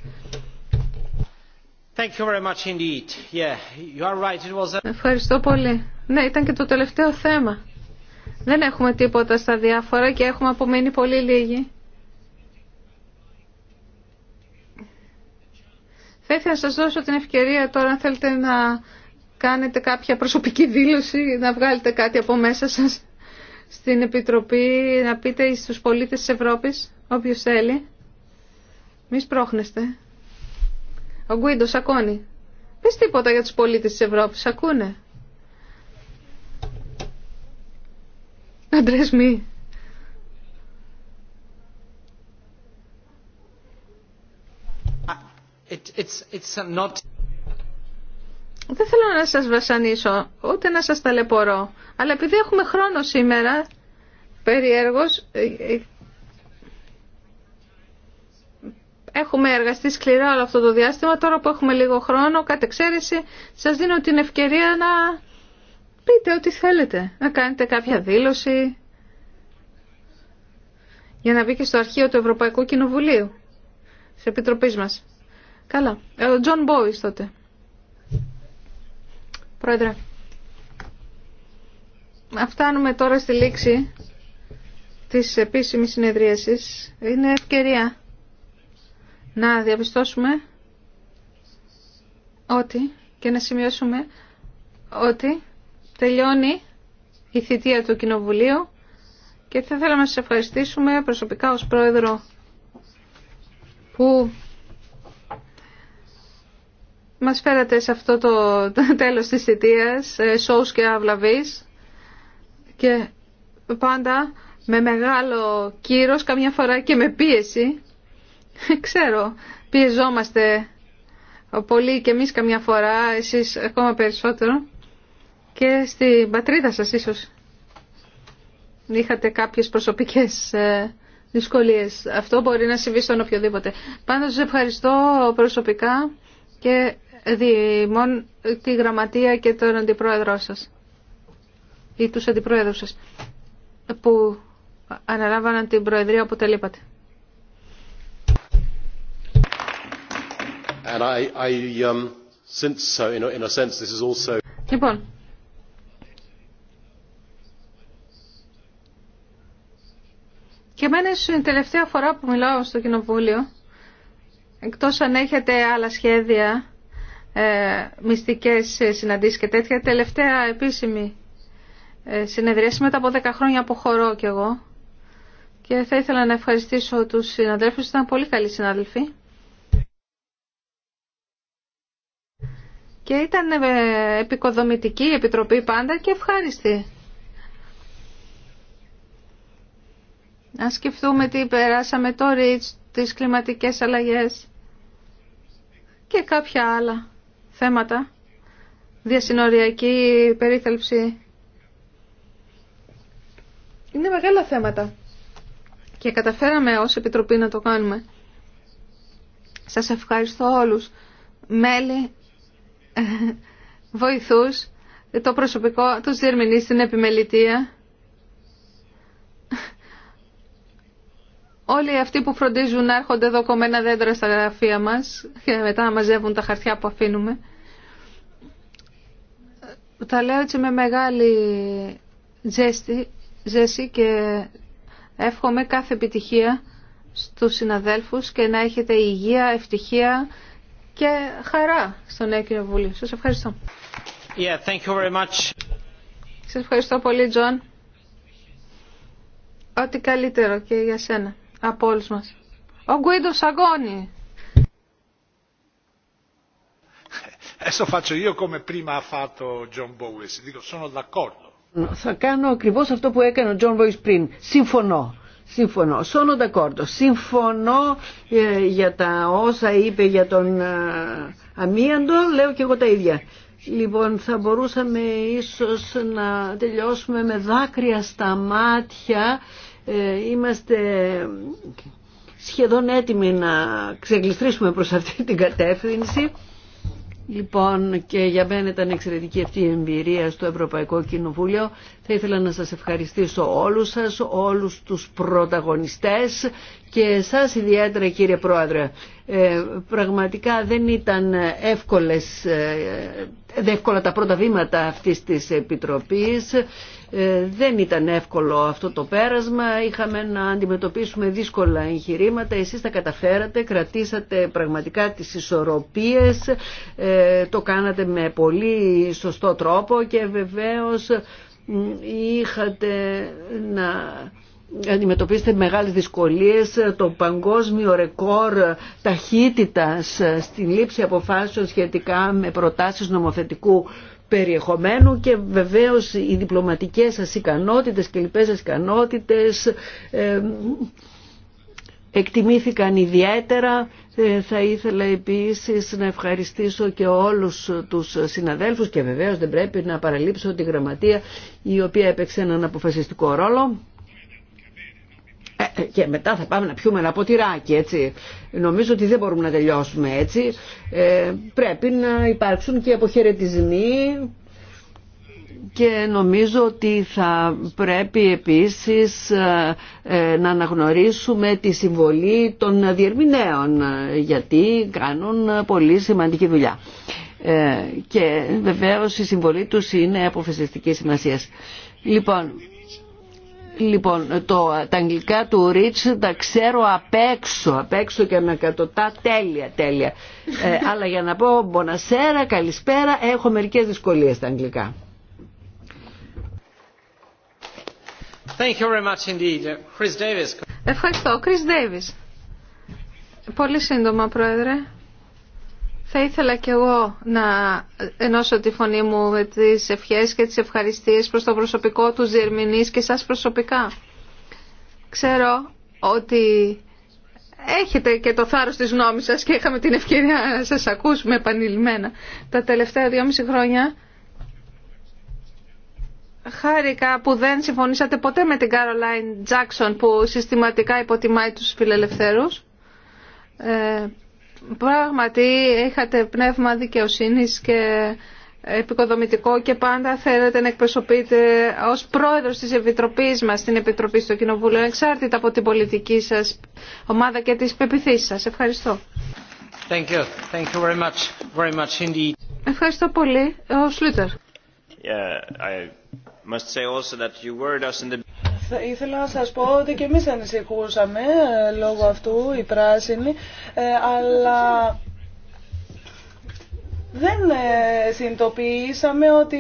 Ευχαριστώ πολύ. Ναι, ήταν και το τελευταίο θέμα. Δεν έχουμε τίποτα στα διάφορα και έχουμε απομείνει πολύ λίγοι. Θα ήθελα να σας δώσω την ευκαιρία τώρα αν θέλετε να κάνετε κάποια προσωπική δήλωση, να βγάλετε κάτι από μέσα σας στην Επιτροπή να πείτε στους πολίτες της Ευρώπης, όποιος θέλει. Μη σπρώχνεστε. Ο Γκουίντο σακώνει. Πες τίποτα για τους πολίτες της Ευρώπης, ακούνε. Αντρές μη. It's, δεν θέλω να σας βασανίσω, ούτε να σας ταλαιπωρώ. Αλλά επειδή έχουμε χρόνο σήμερα, περίεργος, ε, ε, έχουμε εργαστεί σκληρά όλο αυτό το διάστημα. Τώρα που έχουμε λίγο χρόνο, κατ' εξαίρεση, σας δίνω την ευκαιρία να πείτε ό,τι θέλετε. Να κάνετε κάποια δήλωση για να μπει και στο αρχείο του Ευρωπαϊκού Κοινοβουλίου, σε επιτροπής μας. Καλά. Ε, ο Τζον Μπόις τότε. Πρόεδρε. Φτάνουμε τώρα στη λήξη της επίσημης συνεδρίασης. Είναι ευκαιρία να διαπιστώσουμε ότι και να σημειώσουμε ότι τελειώνει η θητεία του Κοινοβουλίου και θα θέλαμε να σας ευχαριστήσουμε προσωπικά ως Πρόεδρο που μας φέρατε σε αυτό το τέλος της θητείας, ε, σοους και αυλαβής και πάντα με μεγάλο κύρος, καμιά φορά και με πίεση. Ξέρω, πιεζόμαστε πολύ και εμείς καμιά φορά, εσείς ακόμα περισσότερο και στην πατρίδα σας ίσως είχατε κάποιες προσωπικές ε, δυσκολίες. Αυτό μπορεί να συμβεί στον οποιοδήποτε. Πάντως σας ευχαριστώ προσωπικά και Δημόν, τη Γραμματεία και τον Αντιπρόεδρό σας ή τους Αντιπρόεδρους σας που αναλάβαναν την Προεδρία όπου τελείπατε. Λοιπόν, και εμένα η τελευταία φορά που μιλάω στο Κοινοβούλιο, εκτός αν έχετε άλλα σχέδια ε, μυστικές συναντήσεις και τέτοια. Τελευταία επίσημη ε, συνεδρίαση μετά από 10 χρόνια αποχωρώ κι εγώ. Και θα ήθελα να ευχαριστήσω τους συναδέλφους, ήταν πολύ καλοί συνάδελφοι. Και ήταν ε, επικοδομητική η Επιτροπή πάντα και ευχάριστη. Να σκεφτούμε τι περάσαμε τώρα τις κλιματικές αλλαγές και κάποια άλλα θέματα, διασυνοριακή περίθαλψη. Είναι μεγάλα θέματα και καταφέραμε ως Επιτροπή να το κάνουμε. Σας ευχαριστώ όλους, μέλη, βοηθούς, το προσωπικό, τους διερμηνείς στην επιμελητία. Όλοι αυτοί που φροντίζουν να έρχονται εδώ κομμένα δέντρα στα γραφεία μας και μετά να μαζεύουν τα χαρτιά που αφήνουμε. Τα λέω έτσι με μεγάλη ζέστη, ζέση και εύχομαι κάθε επιτυχία στους συναδέλφους και να έχετε υγεία, ευτυχία και χαρά στο Νέο Κοινοβούλιο. Σας ευχαριστώ. Yeah, thank you very much. Σας ευχαριστώ πολύ, Τζον. Ό,τι καλύτερο και για σένα, από όλους μας. Ο Γκουίντο Θα κάνω mm, ακριβώς αυτό που έκανε ο Τζον Bowes πριν. Συμφωνώ. Συμφωνώ. Σόνο Συμφωνώ ε, για τα όσα είπε για τον ε, αμίαντο, λέω και εγώ τα ίδια. Λοιπόν, θα μπορούσαμε ίσως να τελειώσουμε με δάκρυα στα μάτια. Ε, είμαστε σχεδόν έτοιμοι να ξεγλιστρήσουμε προς αυτή την κατεύθυνση. Λοιπόν, και για μένα ήταν εξαιρετική αυτή η εμπειρία στο Ευρωπαϊκό Κοινοβούλιο. Θα ήθελα να σας ευχαριστήσω όλους σας, όλους τους πρωταγωνιστές και εσάς ιδιαίτερα κύριε Πρόεδρε. Ε, πραγματικά δεν ήταν εύκολες, ε, εύκολα τα πρώτα βήματα αυτής της Επιτροπής. Ε, δεν ήταν εύκολο αυτό το πέρασμα, είχαμε να αντιμετωπίσουμε δύσκολα εγχειρήματα, εσείς τα καταφέρατε, κρατήσατε πραγματικά τις ισορροπίες, ε, το κάνατε με πολύ σωστό τρόπο και βεβαίως είχατε να αντιμετωπίσετε μεγάλες δυσκολίες το παγκόσμιο ρεκόρ ταχύτητας στην λήψη αποφάσεων σχετικά με προτάσεις νομοθετικού περιεχομένου και βεβαίως οι διπλωματικές σας ικανότητες και λοιπές σας ικανότητες ε, εκτιμήθηκαν ιδιαίτερα. Ε, θα ήθελα επίσης να ευχαριστήσω και όλους τους συναδέλφους και βεβαίως δεν πρέπει να παραλείψω τη γραμματεία η οποία έπαιξε έναν αποφασιστικό ρόλο. Ε, ε, και μετά θα πάμε να πιούμε ένα ποτηράκι έτσι. Νομίζω ότι δεν μπορούμε να τελειώσουμε έτσι. Ε, πρέπει να υπάρξουν και αποχαιρετισμοί και νομίζω ότι θα πρέπει επίσης να αναγνωρίσουμε τη συμβολή των διερμηνέων γιατί κάνουν πολύ σημαντική δουλειά. Και βεβαίως η συμβολή τους είναι αποφασιστική σημασίας. Λοιπόν, Λοιπόν, το, τα αγγλικά του Ρίτς τα ξέρω απ' έξω, απ' έξω και με τέλεια, τέλεια. Ε, αλλά για να πω μπονασέρα, καλησπέρα, έχω μερικές δυσκολίες στα αγγλικά. Thank you very much indeed. Chris Davis. Ευχαριστώ, Chris Davis. Πολύ σύντομα, Πρόεδρε. Θα ήθελα και εγώ να ενώσω τη φωνή μου με τις ευχές και τις ευχαριστίες προς το προσωπικό του Διερμηνής και σας προσωπικά. Ξέρω ότι έχετε και το θάρρος της γνώμης σας και είχαμε την ευκαιρία να σας ακούσουμε επανειλημμένα. Τα τελευταία δυόμιση χρόνια χάρηκα που δεν συμφωνήσατε ποτέ με την Κάρολάιν Τζάξον που συστηματικά υποτιμάει τους φιλελευθέρους. Ε, Πράγματι είχατε πνεύμα δικαιοσύνης και επικοδομητικό και πάντα θέλετε να εκπροσωπείτε ως πρόεδρος της Επιτροπής μας στην Επιτροπή στο Κοινοβούλιο εξάρτητα από την πολιτική σας ομάδα και τις πεπιθήσεις σας. Ευχαριστώ. Thank you. Thank you very much. Very much Ευχαριστώ πολύ. Ο Σλούτερ. Yeah, I must say also that you us in the... Θα ήθελα να σας πω ότι και εμείς ανησυχούσαμε λόγω αυτού, οι πράσινοι, ε, αλλά δεν ε, συνειδητοποιήσαμε ότι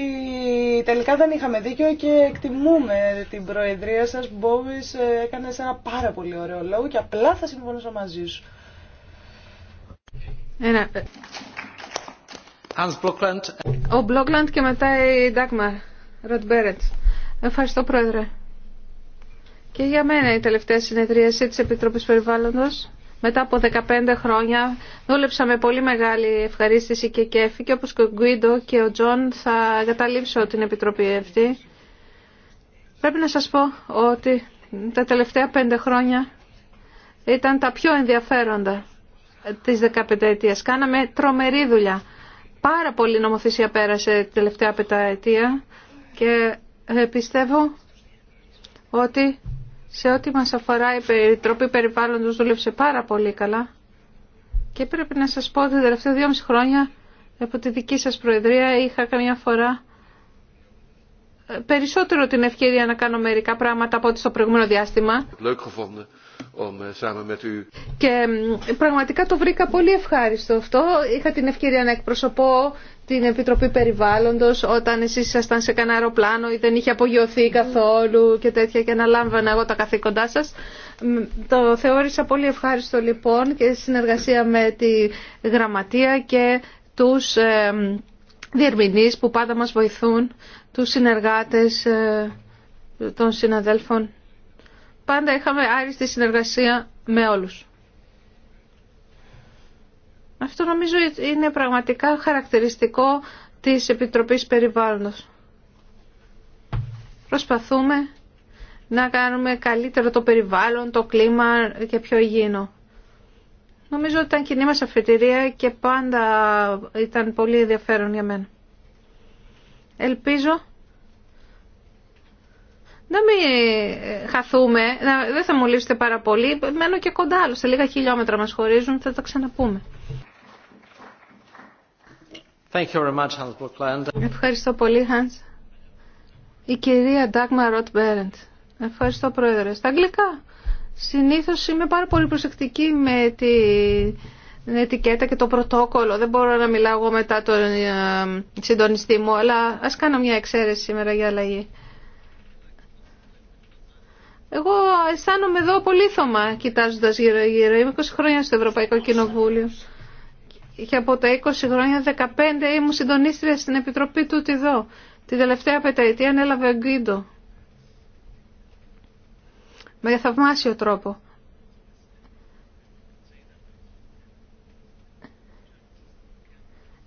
τελικά δεν είχαμε δίκιο και εκτιμούμε την προεδρία σας. Μπόβις, ε, έκανε ένα πάρα πολύ ωραίο λόγο και απλά θα συμφωνήσω μαζί σου. Ένα. Ο Μπλόκλαντ και μετά η Ντάκμαρ Μπέρετς. Ευχαριστώ, Πρόεδρε. Και για μένα η τελευταία συνεδρίαση της Επιτροπής Περιβάλλοντος. Μετά από 15 χρόνια δούλεψα με πολύ μεγάλη ευχαρίστηση και κέφι και όπως και ο Γκουίντο και ο Τζον θα εγκαταλείψω την Επιτροπή αυτή. Πρέπει να σας πω ότι τα τελευταία πέντε χρόνια ήταν τα πιο ενδιαφέροντα της 15 ετίας. Κάναμε τρομερή δουλειά. Πάρα πολύ νομοθεσία πέρασε την τελευταία πενταετία και ε, πιστεύω ότι σε ό,τι μας αφορά η Επιτροπή Περιβάλλοντος δούλεψε πάρα πολύ καλά και πρέπει να σας πω ότι τα τελευταία μισή χρόνια από τη δική σας Προεδρία είχα καμιά φορά ε, περισσότερο την ευκαιρία να κάνω μερικά πράγματα από ό,τι στο προηγούμενο διάστημα om eh, samen met u... Και πραγματικά το βρήκα πολύ ευχάριστο αυτό. Είχα την ευκαιρία να εκπροσωπώ την Επιτροπή Περιβάλλοντος όταν εσείς ήσασταν σε κανένα αεροπλάνο ή δεν είχε απογειωθεί καθόλου και τέτοια και να λάμβανα εγώ τα καθήκοντά σας. Το θεώρησα πολύ ευχάριστο λοιπόν και συνεργασία με τη Γραμματεία και τους ε, διερμηνείς που πάντα μας βοηθούν, τους συνεργάτες ε, των συναδέλφων πάντα είχαμε άριστη συνεργασία με όλους. Αυτό νομίζω είναι πραγματικά χαρακτηριστικό της Επιτροπής Περιβάλλοντος. Προσπαθούμε να κάνουμε καλύτερο το περιβάλλον, το κλίμα και πιο υγιεινό. Νομίζω ότι ήταν κοινή μας αφετηρία και πάντα ήταν πολύ ενδιαφέρον για μένα. Ελπίζω να μην ε, χαθούμε, δεν θα μολύσετε πάρα πολύ. Μένω και κοντά, Σε λίγα χιλιόμετρα μας χωρίζουν, θα τα ξαναπούμε. Thank you very much, Hans Ευχαριστώ πολύ, Hans. Η κυρία Ντάγμα Ροτ Μπέρεντ. Ευχαριστώ, Πρόεδρε. Στα αγγλικά. Συνήθως είμαι πάρα πολύ προσεκτική με την ετικέτα και το πρωτόκολλο. Δεν μπορώ να μιλάω μετά τον ε, συντονιστή μου, αλλά ας κάνω μια εξαίρεση σήμερα για αλλαγή. Εγώ αισθάνομαι εδώ πολύθωμα κοιτάζοντα γύρω γύρω. Είμαι 20 χρόνια στο Ευρωπαϊκό Κοινοβούλιο. Και από τα 20 χρόνια 15 ήμουν συντονίστρια στην Επιτροπή του εδώ. Την τελευταία πενταετία ανέλαβε ο Γκίντο. Με θαυμάσιο τρόπο.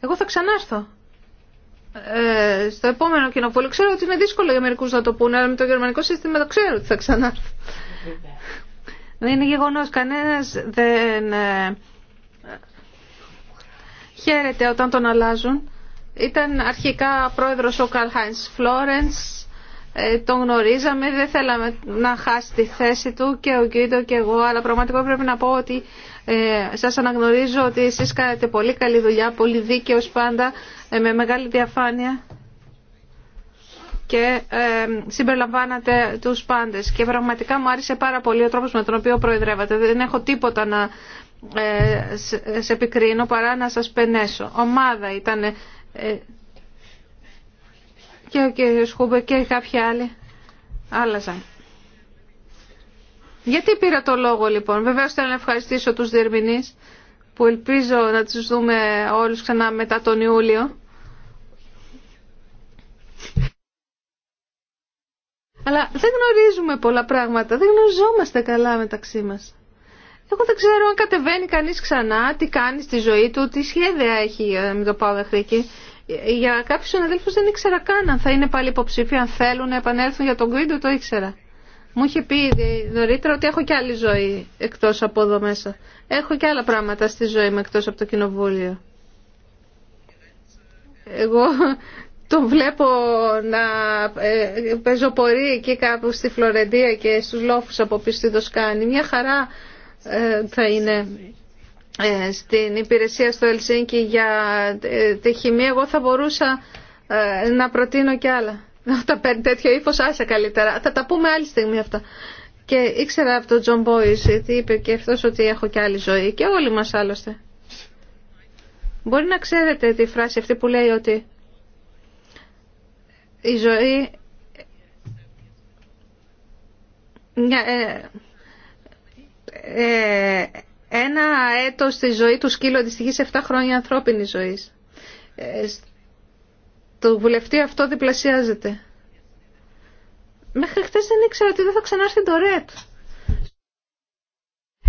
Εγώ θα ξανάρθω ε, στο επόμενο κοινοβούλιο. Ξέρω ότι είναι δύσκολο για μερικού να το πούνε, αλλά με το γερμανικό σύστημα το ξέρω ότι θα ξανάρθω. Δεν είναι γεγονό. Κανένα δεν χαίρεται όταν τον αλλάζουν. Ήταν αρχικά πρόεδρος ο Καρλ Χάιντ Φλόρενς, ε, τον γνωρίζαμε, δεν θέλαμε να χάσει τη θέση του και ο Γκίντο και εγώ, αλλά πραγματικά πρέπει να πω ότι ε, σας αναγνωρίζω ότι εσείς κάνετε πολύ καλή δουλειά, πολύ δίκαιο πάντα, ε, με μεγάλη διαφάνεια και ε, συμπεριλαμβάνατε τους πάντες. Και πραγματικά μου άρεσε πάρα πολύ ο τρόπος με τον οποίο προεδρεύατε. Δεν έχω τίποτα να ε, σε επικρίνω παρά να σας πενέσω. Ομάδα ήταν ε, και ο κ. Χούμπε και κάποιοι άλλοι άλλαζαν. Γιατί πήρα το λόγο λοιπόν. Βεβαίω θέλω να ευχαριστήσω του Διερμηνεί που ελπίζω να του δούμε όλου ξανά μετά τον Ιούλιο. Αλλά δεν γνωρίζουμε πολλά πράγματα, δεν γνωριζόμαστε καλά μεταξύ μα. Εγώ δεν ξέρω αν κατεβαίνει κανεί ξανά, τι κάνει στη ζωή του, τι σχέδια έχει, με το πάω μέχρι εκεί. Για κάποιου συναδέλφους δεν ήξερα καν αν θα είναι πάλι υποψήφιοι, αν θέλουν να επανέλθουν για τον Κρίντο, το ήξερα. Μου είχε πει νωρίτερα ότι έχω και άλλη ζωή εκτός από εδώ μέσα. Έχω και άλλα πράγματα στη ζωή μου εκτός από το κοινοβούλιο. Εγώ τον βλέπω να ε, πεζοπορεί εκεί κάπου στη Φλωρεντία και στους λόφους από πίσω στη Δοσκάνη. Μια χαρά ε, θα είναι ε, στην υπηρεσία στο Ελσίνκι για ε, τη χημία. Εγώ θα μπορούσα να προτείνω και άλλα. Όταν παίρνει τέτοιο ύφο, άσε καλύτερα. Θα τα πούμε άλλη στιγμή αυτά. Και ήξερα από τον Τζον Μπόις τι είπε και αυτός ότι έχω και άλλη ζωή και όλοι μας άλλωστε. Μπορεί να ξέρετε τη φράση αυτή που λέει ότι η ζωή ε, ε, ένα έτος στη ζωή του σκύλου αντιστοιχεί σε 7 χρόνια ανθρώπινη ζωής. Ε, το βουλευτή αυτό διπλασιάζεται. Μέχρι χθε δεν ήξερα ότι δεν θα ξανάρθει το ΡΕΤ.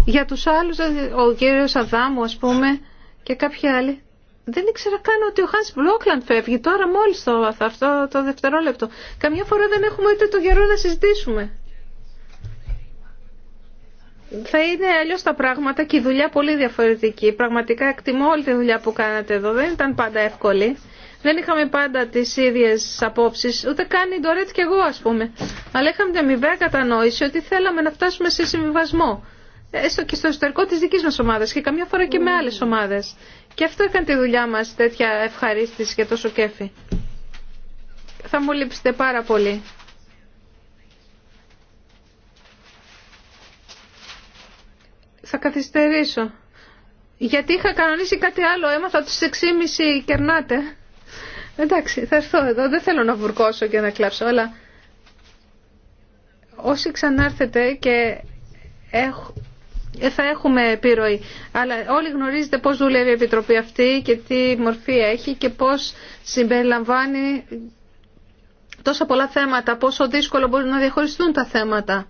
Για τους άλλους, δηλαδή, ο κύριος Αδάμου ας πούμε και κάποιοι άλλοι, δεν ήξερα καν ότι ο Χάνς Μπλόκλαντ φεύγει τώρα μόλις το, αυτό το δευτερόλεπτο. Καμιά φορά δεν έχουμε ούτε το καιρό να συζητήσουμε. Θα είναι αλλιώ τα πράγματα και η δουλειά πολύ διαφορετική. Πραγματικά εκτιμώ όλη τη δουλειά που κάνατε εδώ. Δεν ήταν πάντα εύκολη. Δεν είχαμε πάντα τι ίδιε απόψει, ούτε καν η Ντορέτ και εγώ α πούμε. Αλλά είχαμε την αμοιβαία κατανόηση ότι θέλαμε να φτάσουμε σε συμβιβασμό. Έστω και στο εσωτερικό τη δική μα ομάδα και καμιά φορά και με άλλε ομάδε. Και αυτό έκανε τη δουλειά μα τέτοια ευχαρίστηση και τόσο κέφι. Θα μου λείψετε πάρα πολύ. Θα καθυστερήσω. Γιατί είχα κανονίσει κάτι άλλο, έμαθα ότι στις 6.30 κερνάτε. Εντάξει, θα έρθω εδώ. Δεν θέλω να βουρκώσω και να κλάψω, αλλά όσοι ξανάρθετε και ε, θα έχουμε επιρροή. Αλλά όλοι γνωρίζετε πώς δουλεύει η Επιτροπή αυτή και τι μορφή έχει και πώς συμπεριλαμβάνει τόσα πολλά θέματα, πόσο δύσκολο μπορούν να διαχωριστούν τα θέματα.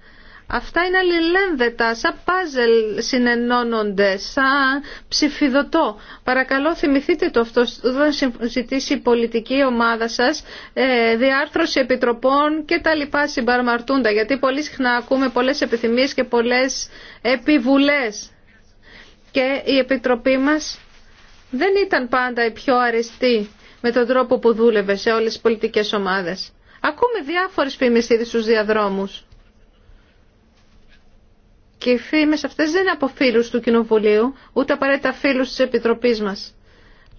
Αυτά είναι αλληλένδετα, σαν πάζελ συνενώνονται, σαν ψηφιδωτό. Παρακαλώ θυμηθείτε το αυτό, θα ζητήσει η πολιτική ομάδα σας, ε, διάρθρωση επιτροπών και τα λοιπά συμπαρμαρτούντα, γιατί πολύ συχνά ακούμε πολλές επιθυμίες και πολλές επιβουλές. Και η επιτροπή μας δεν ήταν πάντα η πιο αρεστή με τον τρόπο που δούλευε σε όλες τις πολιτικές ομάδες. Ακούμε διάφορες φήμες ήδη στους διαδρόμους. Και οι φήμες αυτές δεν είναι από φίλους του Κοινοβουλίου, ούτε απαραίτητα φίλους της Επιτροπής μας.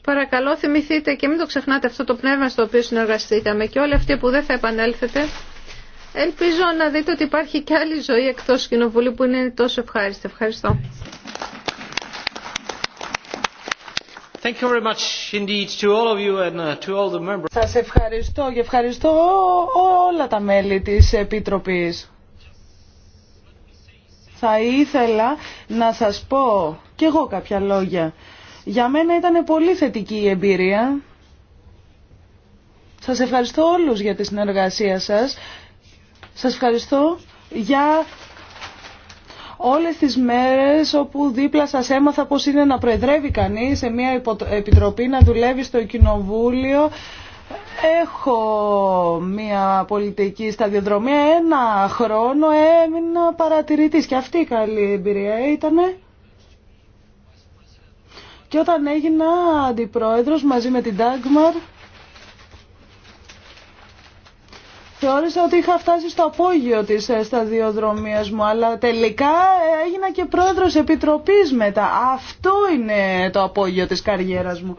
Παρακαλώ θυμηθείτε και μην το ξεχνάτε αυτό το πνεύμα στο οποίο συνεργαστήκαμε και όλοι αυτοί που δεν θα επανέλθετε. Ελπίζω να δείτε ότι υπάρχει και άλλη ζωή εκτός Κοινοβουλίου που είναι τόσο ευχάριστη. Ευχαριστώ. Thank you very much indeed to all of you and uh, to all the members. Σας ευχαριστώ και ευχαριστώ όλα τα μέλη της Επιτροπής θα ήθελα να σας πω κι εγώ κάποια λόγια. Για μένα ήταν πολύ θετική η εμπειρία. Σας ευχαριστώ όλους για τη συνεργασία σας. Σας ευχαριστώ για όλες τις μέρες όπου δίπλα σας έμαθα πώς είναι να προεδρεύει κανείς σε μια επιτροπή, να δουλεύει στο κοινοβούλιο, Έχω μια πολιτική σταδιοδρομία, ένα χρόνο έμεινα παρατηρητής και αυτή η καλή εμπειρία ήτανε. Και όταν έγινα αντιπρόεδρος μαζί με την Ντάγμαρ, θεώρησα ότι είχα φτάσει στο απόγειο της ε, σταδιοδρομίας μου, αλλά τελικά ε, έγινα και πρόεδρος επιτροπής μετά. Αυτό είναι το απόγειο της καριέρας μου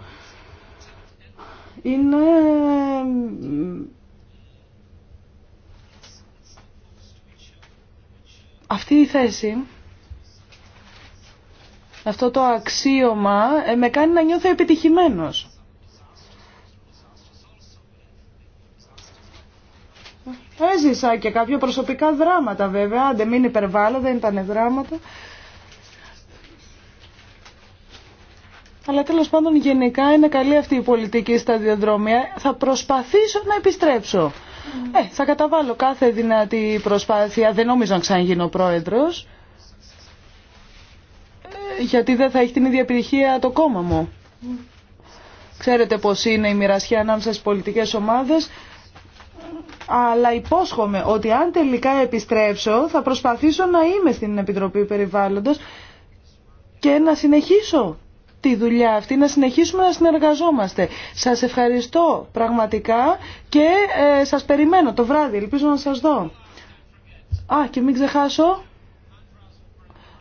είναι αυτή η θέση, αυτό το αξίωμα ε, με κάνει να νιώθω επιτυχημένος. Έζησα και κάποια προσωπικά δράματα βέβαια, δεν μην υπερβάλλω, δεν ήταν δράματα. Αλλά τέλος πάντων γενικά είναι καλή αυτή η πολιτική στα διαδρομιά. Θα προσπαθήσω να επιστρέψω. Ε, θα καταβάλω κάθε δυνατή προσπάθεια. Δεν νομίζω να ξαναγίνω πρόεδρος. Ε, γιατί δεν θα έχει την ίδια επιτυχία το κόμμα μου. Ξέρετε πώς είναι η μοιρασιά ανάμεσα στι πολιτικές ομάδες. Αλλά υπόσχομαι ότι αν τελικά επιστρέψω θα προσπαθήσω να είμαι στην Επιτροπή Περιβάλλοντος και να συνεχίσω τη δουλειά αυτή, να συνεχίσουμε να συνεργαζόμαστε. Σας ευχαριστώ πραγματικά και ε, σας περιμένω το βράδυ, ελπίζω να σας δω. Α, και μην ξεχάσω,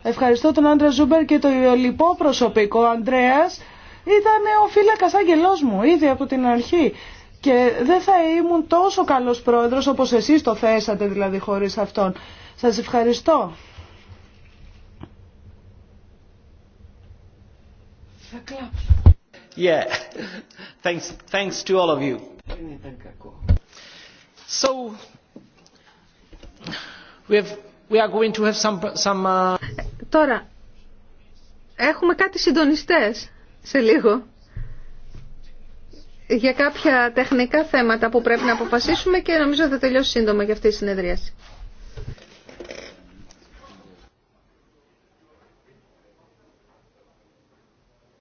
ευχαριστώ τον Άντρα Ζούμπερ και το λοιπό προσωπικό, ο Ανδρέας, ήταν ο φύλακας άγγελός μου, ήδη από την αρχή. Και δεν θα ήμουν τόσο καλός πρόεδρος όπως εσείς το θέσατε δηλαδή χωρίς αυτόν. Σας ευχαριστώ. Θα κλάψω. Δεν ήταν κακό. Τώρα, έχουμε κάτι συντονιστές σε λίγο για κάποια τεχνικά θέματα που πρέπει να αποφασίσουμε και νομίζω θα τελειώσει σύντομα για αυτή η συνεδρίαση.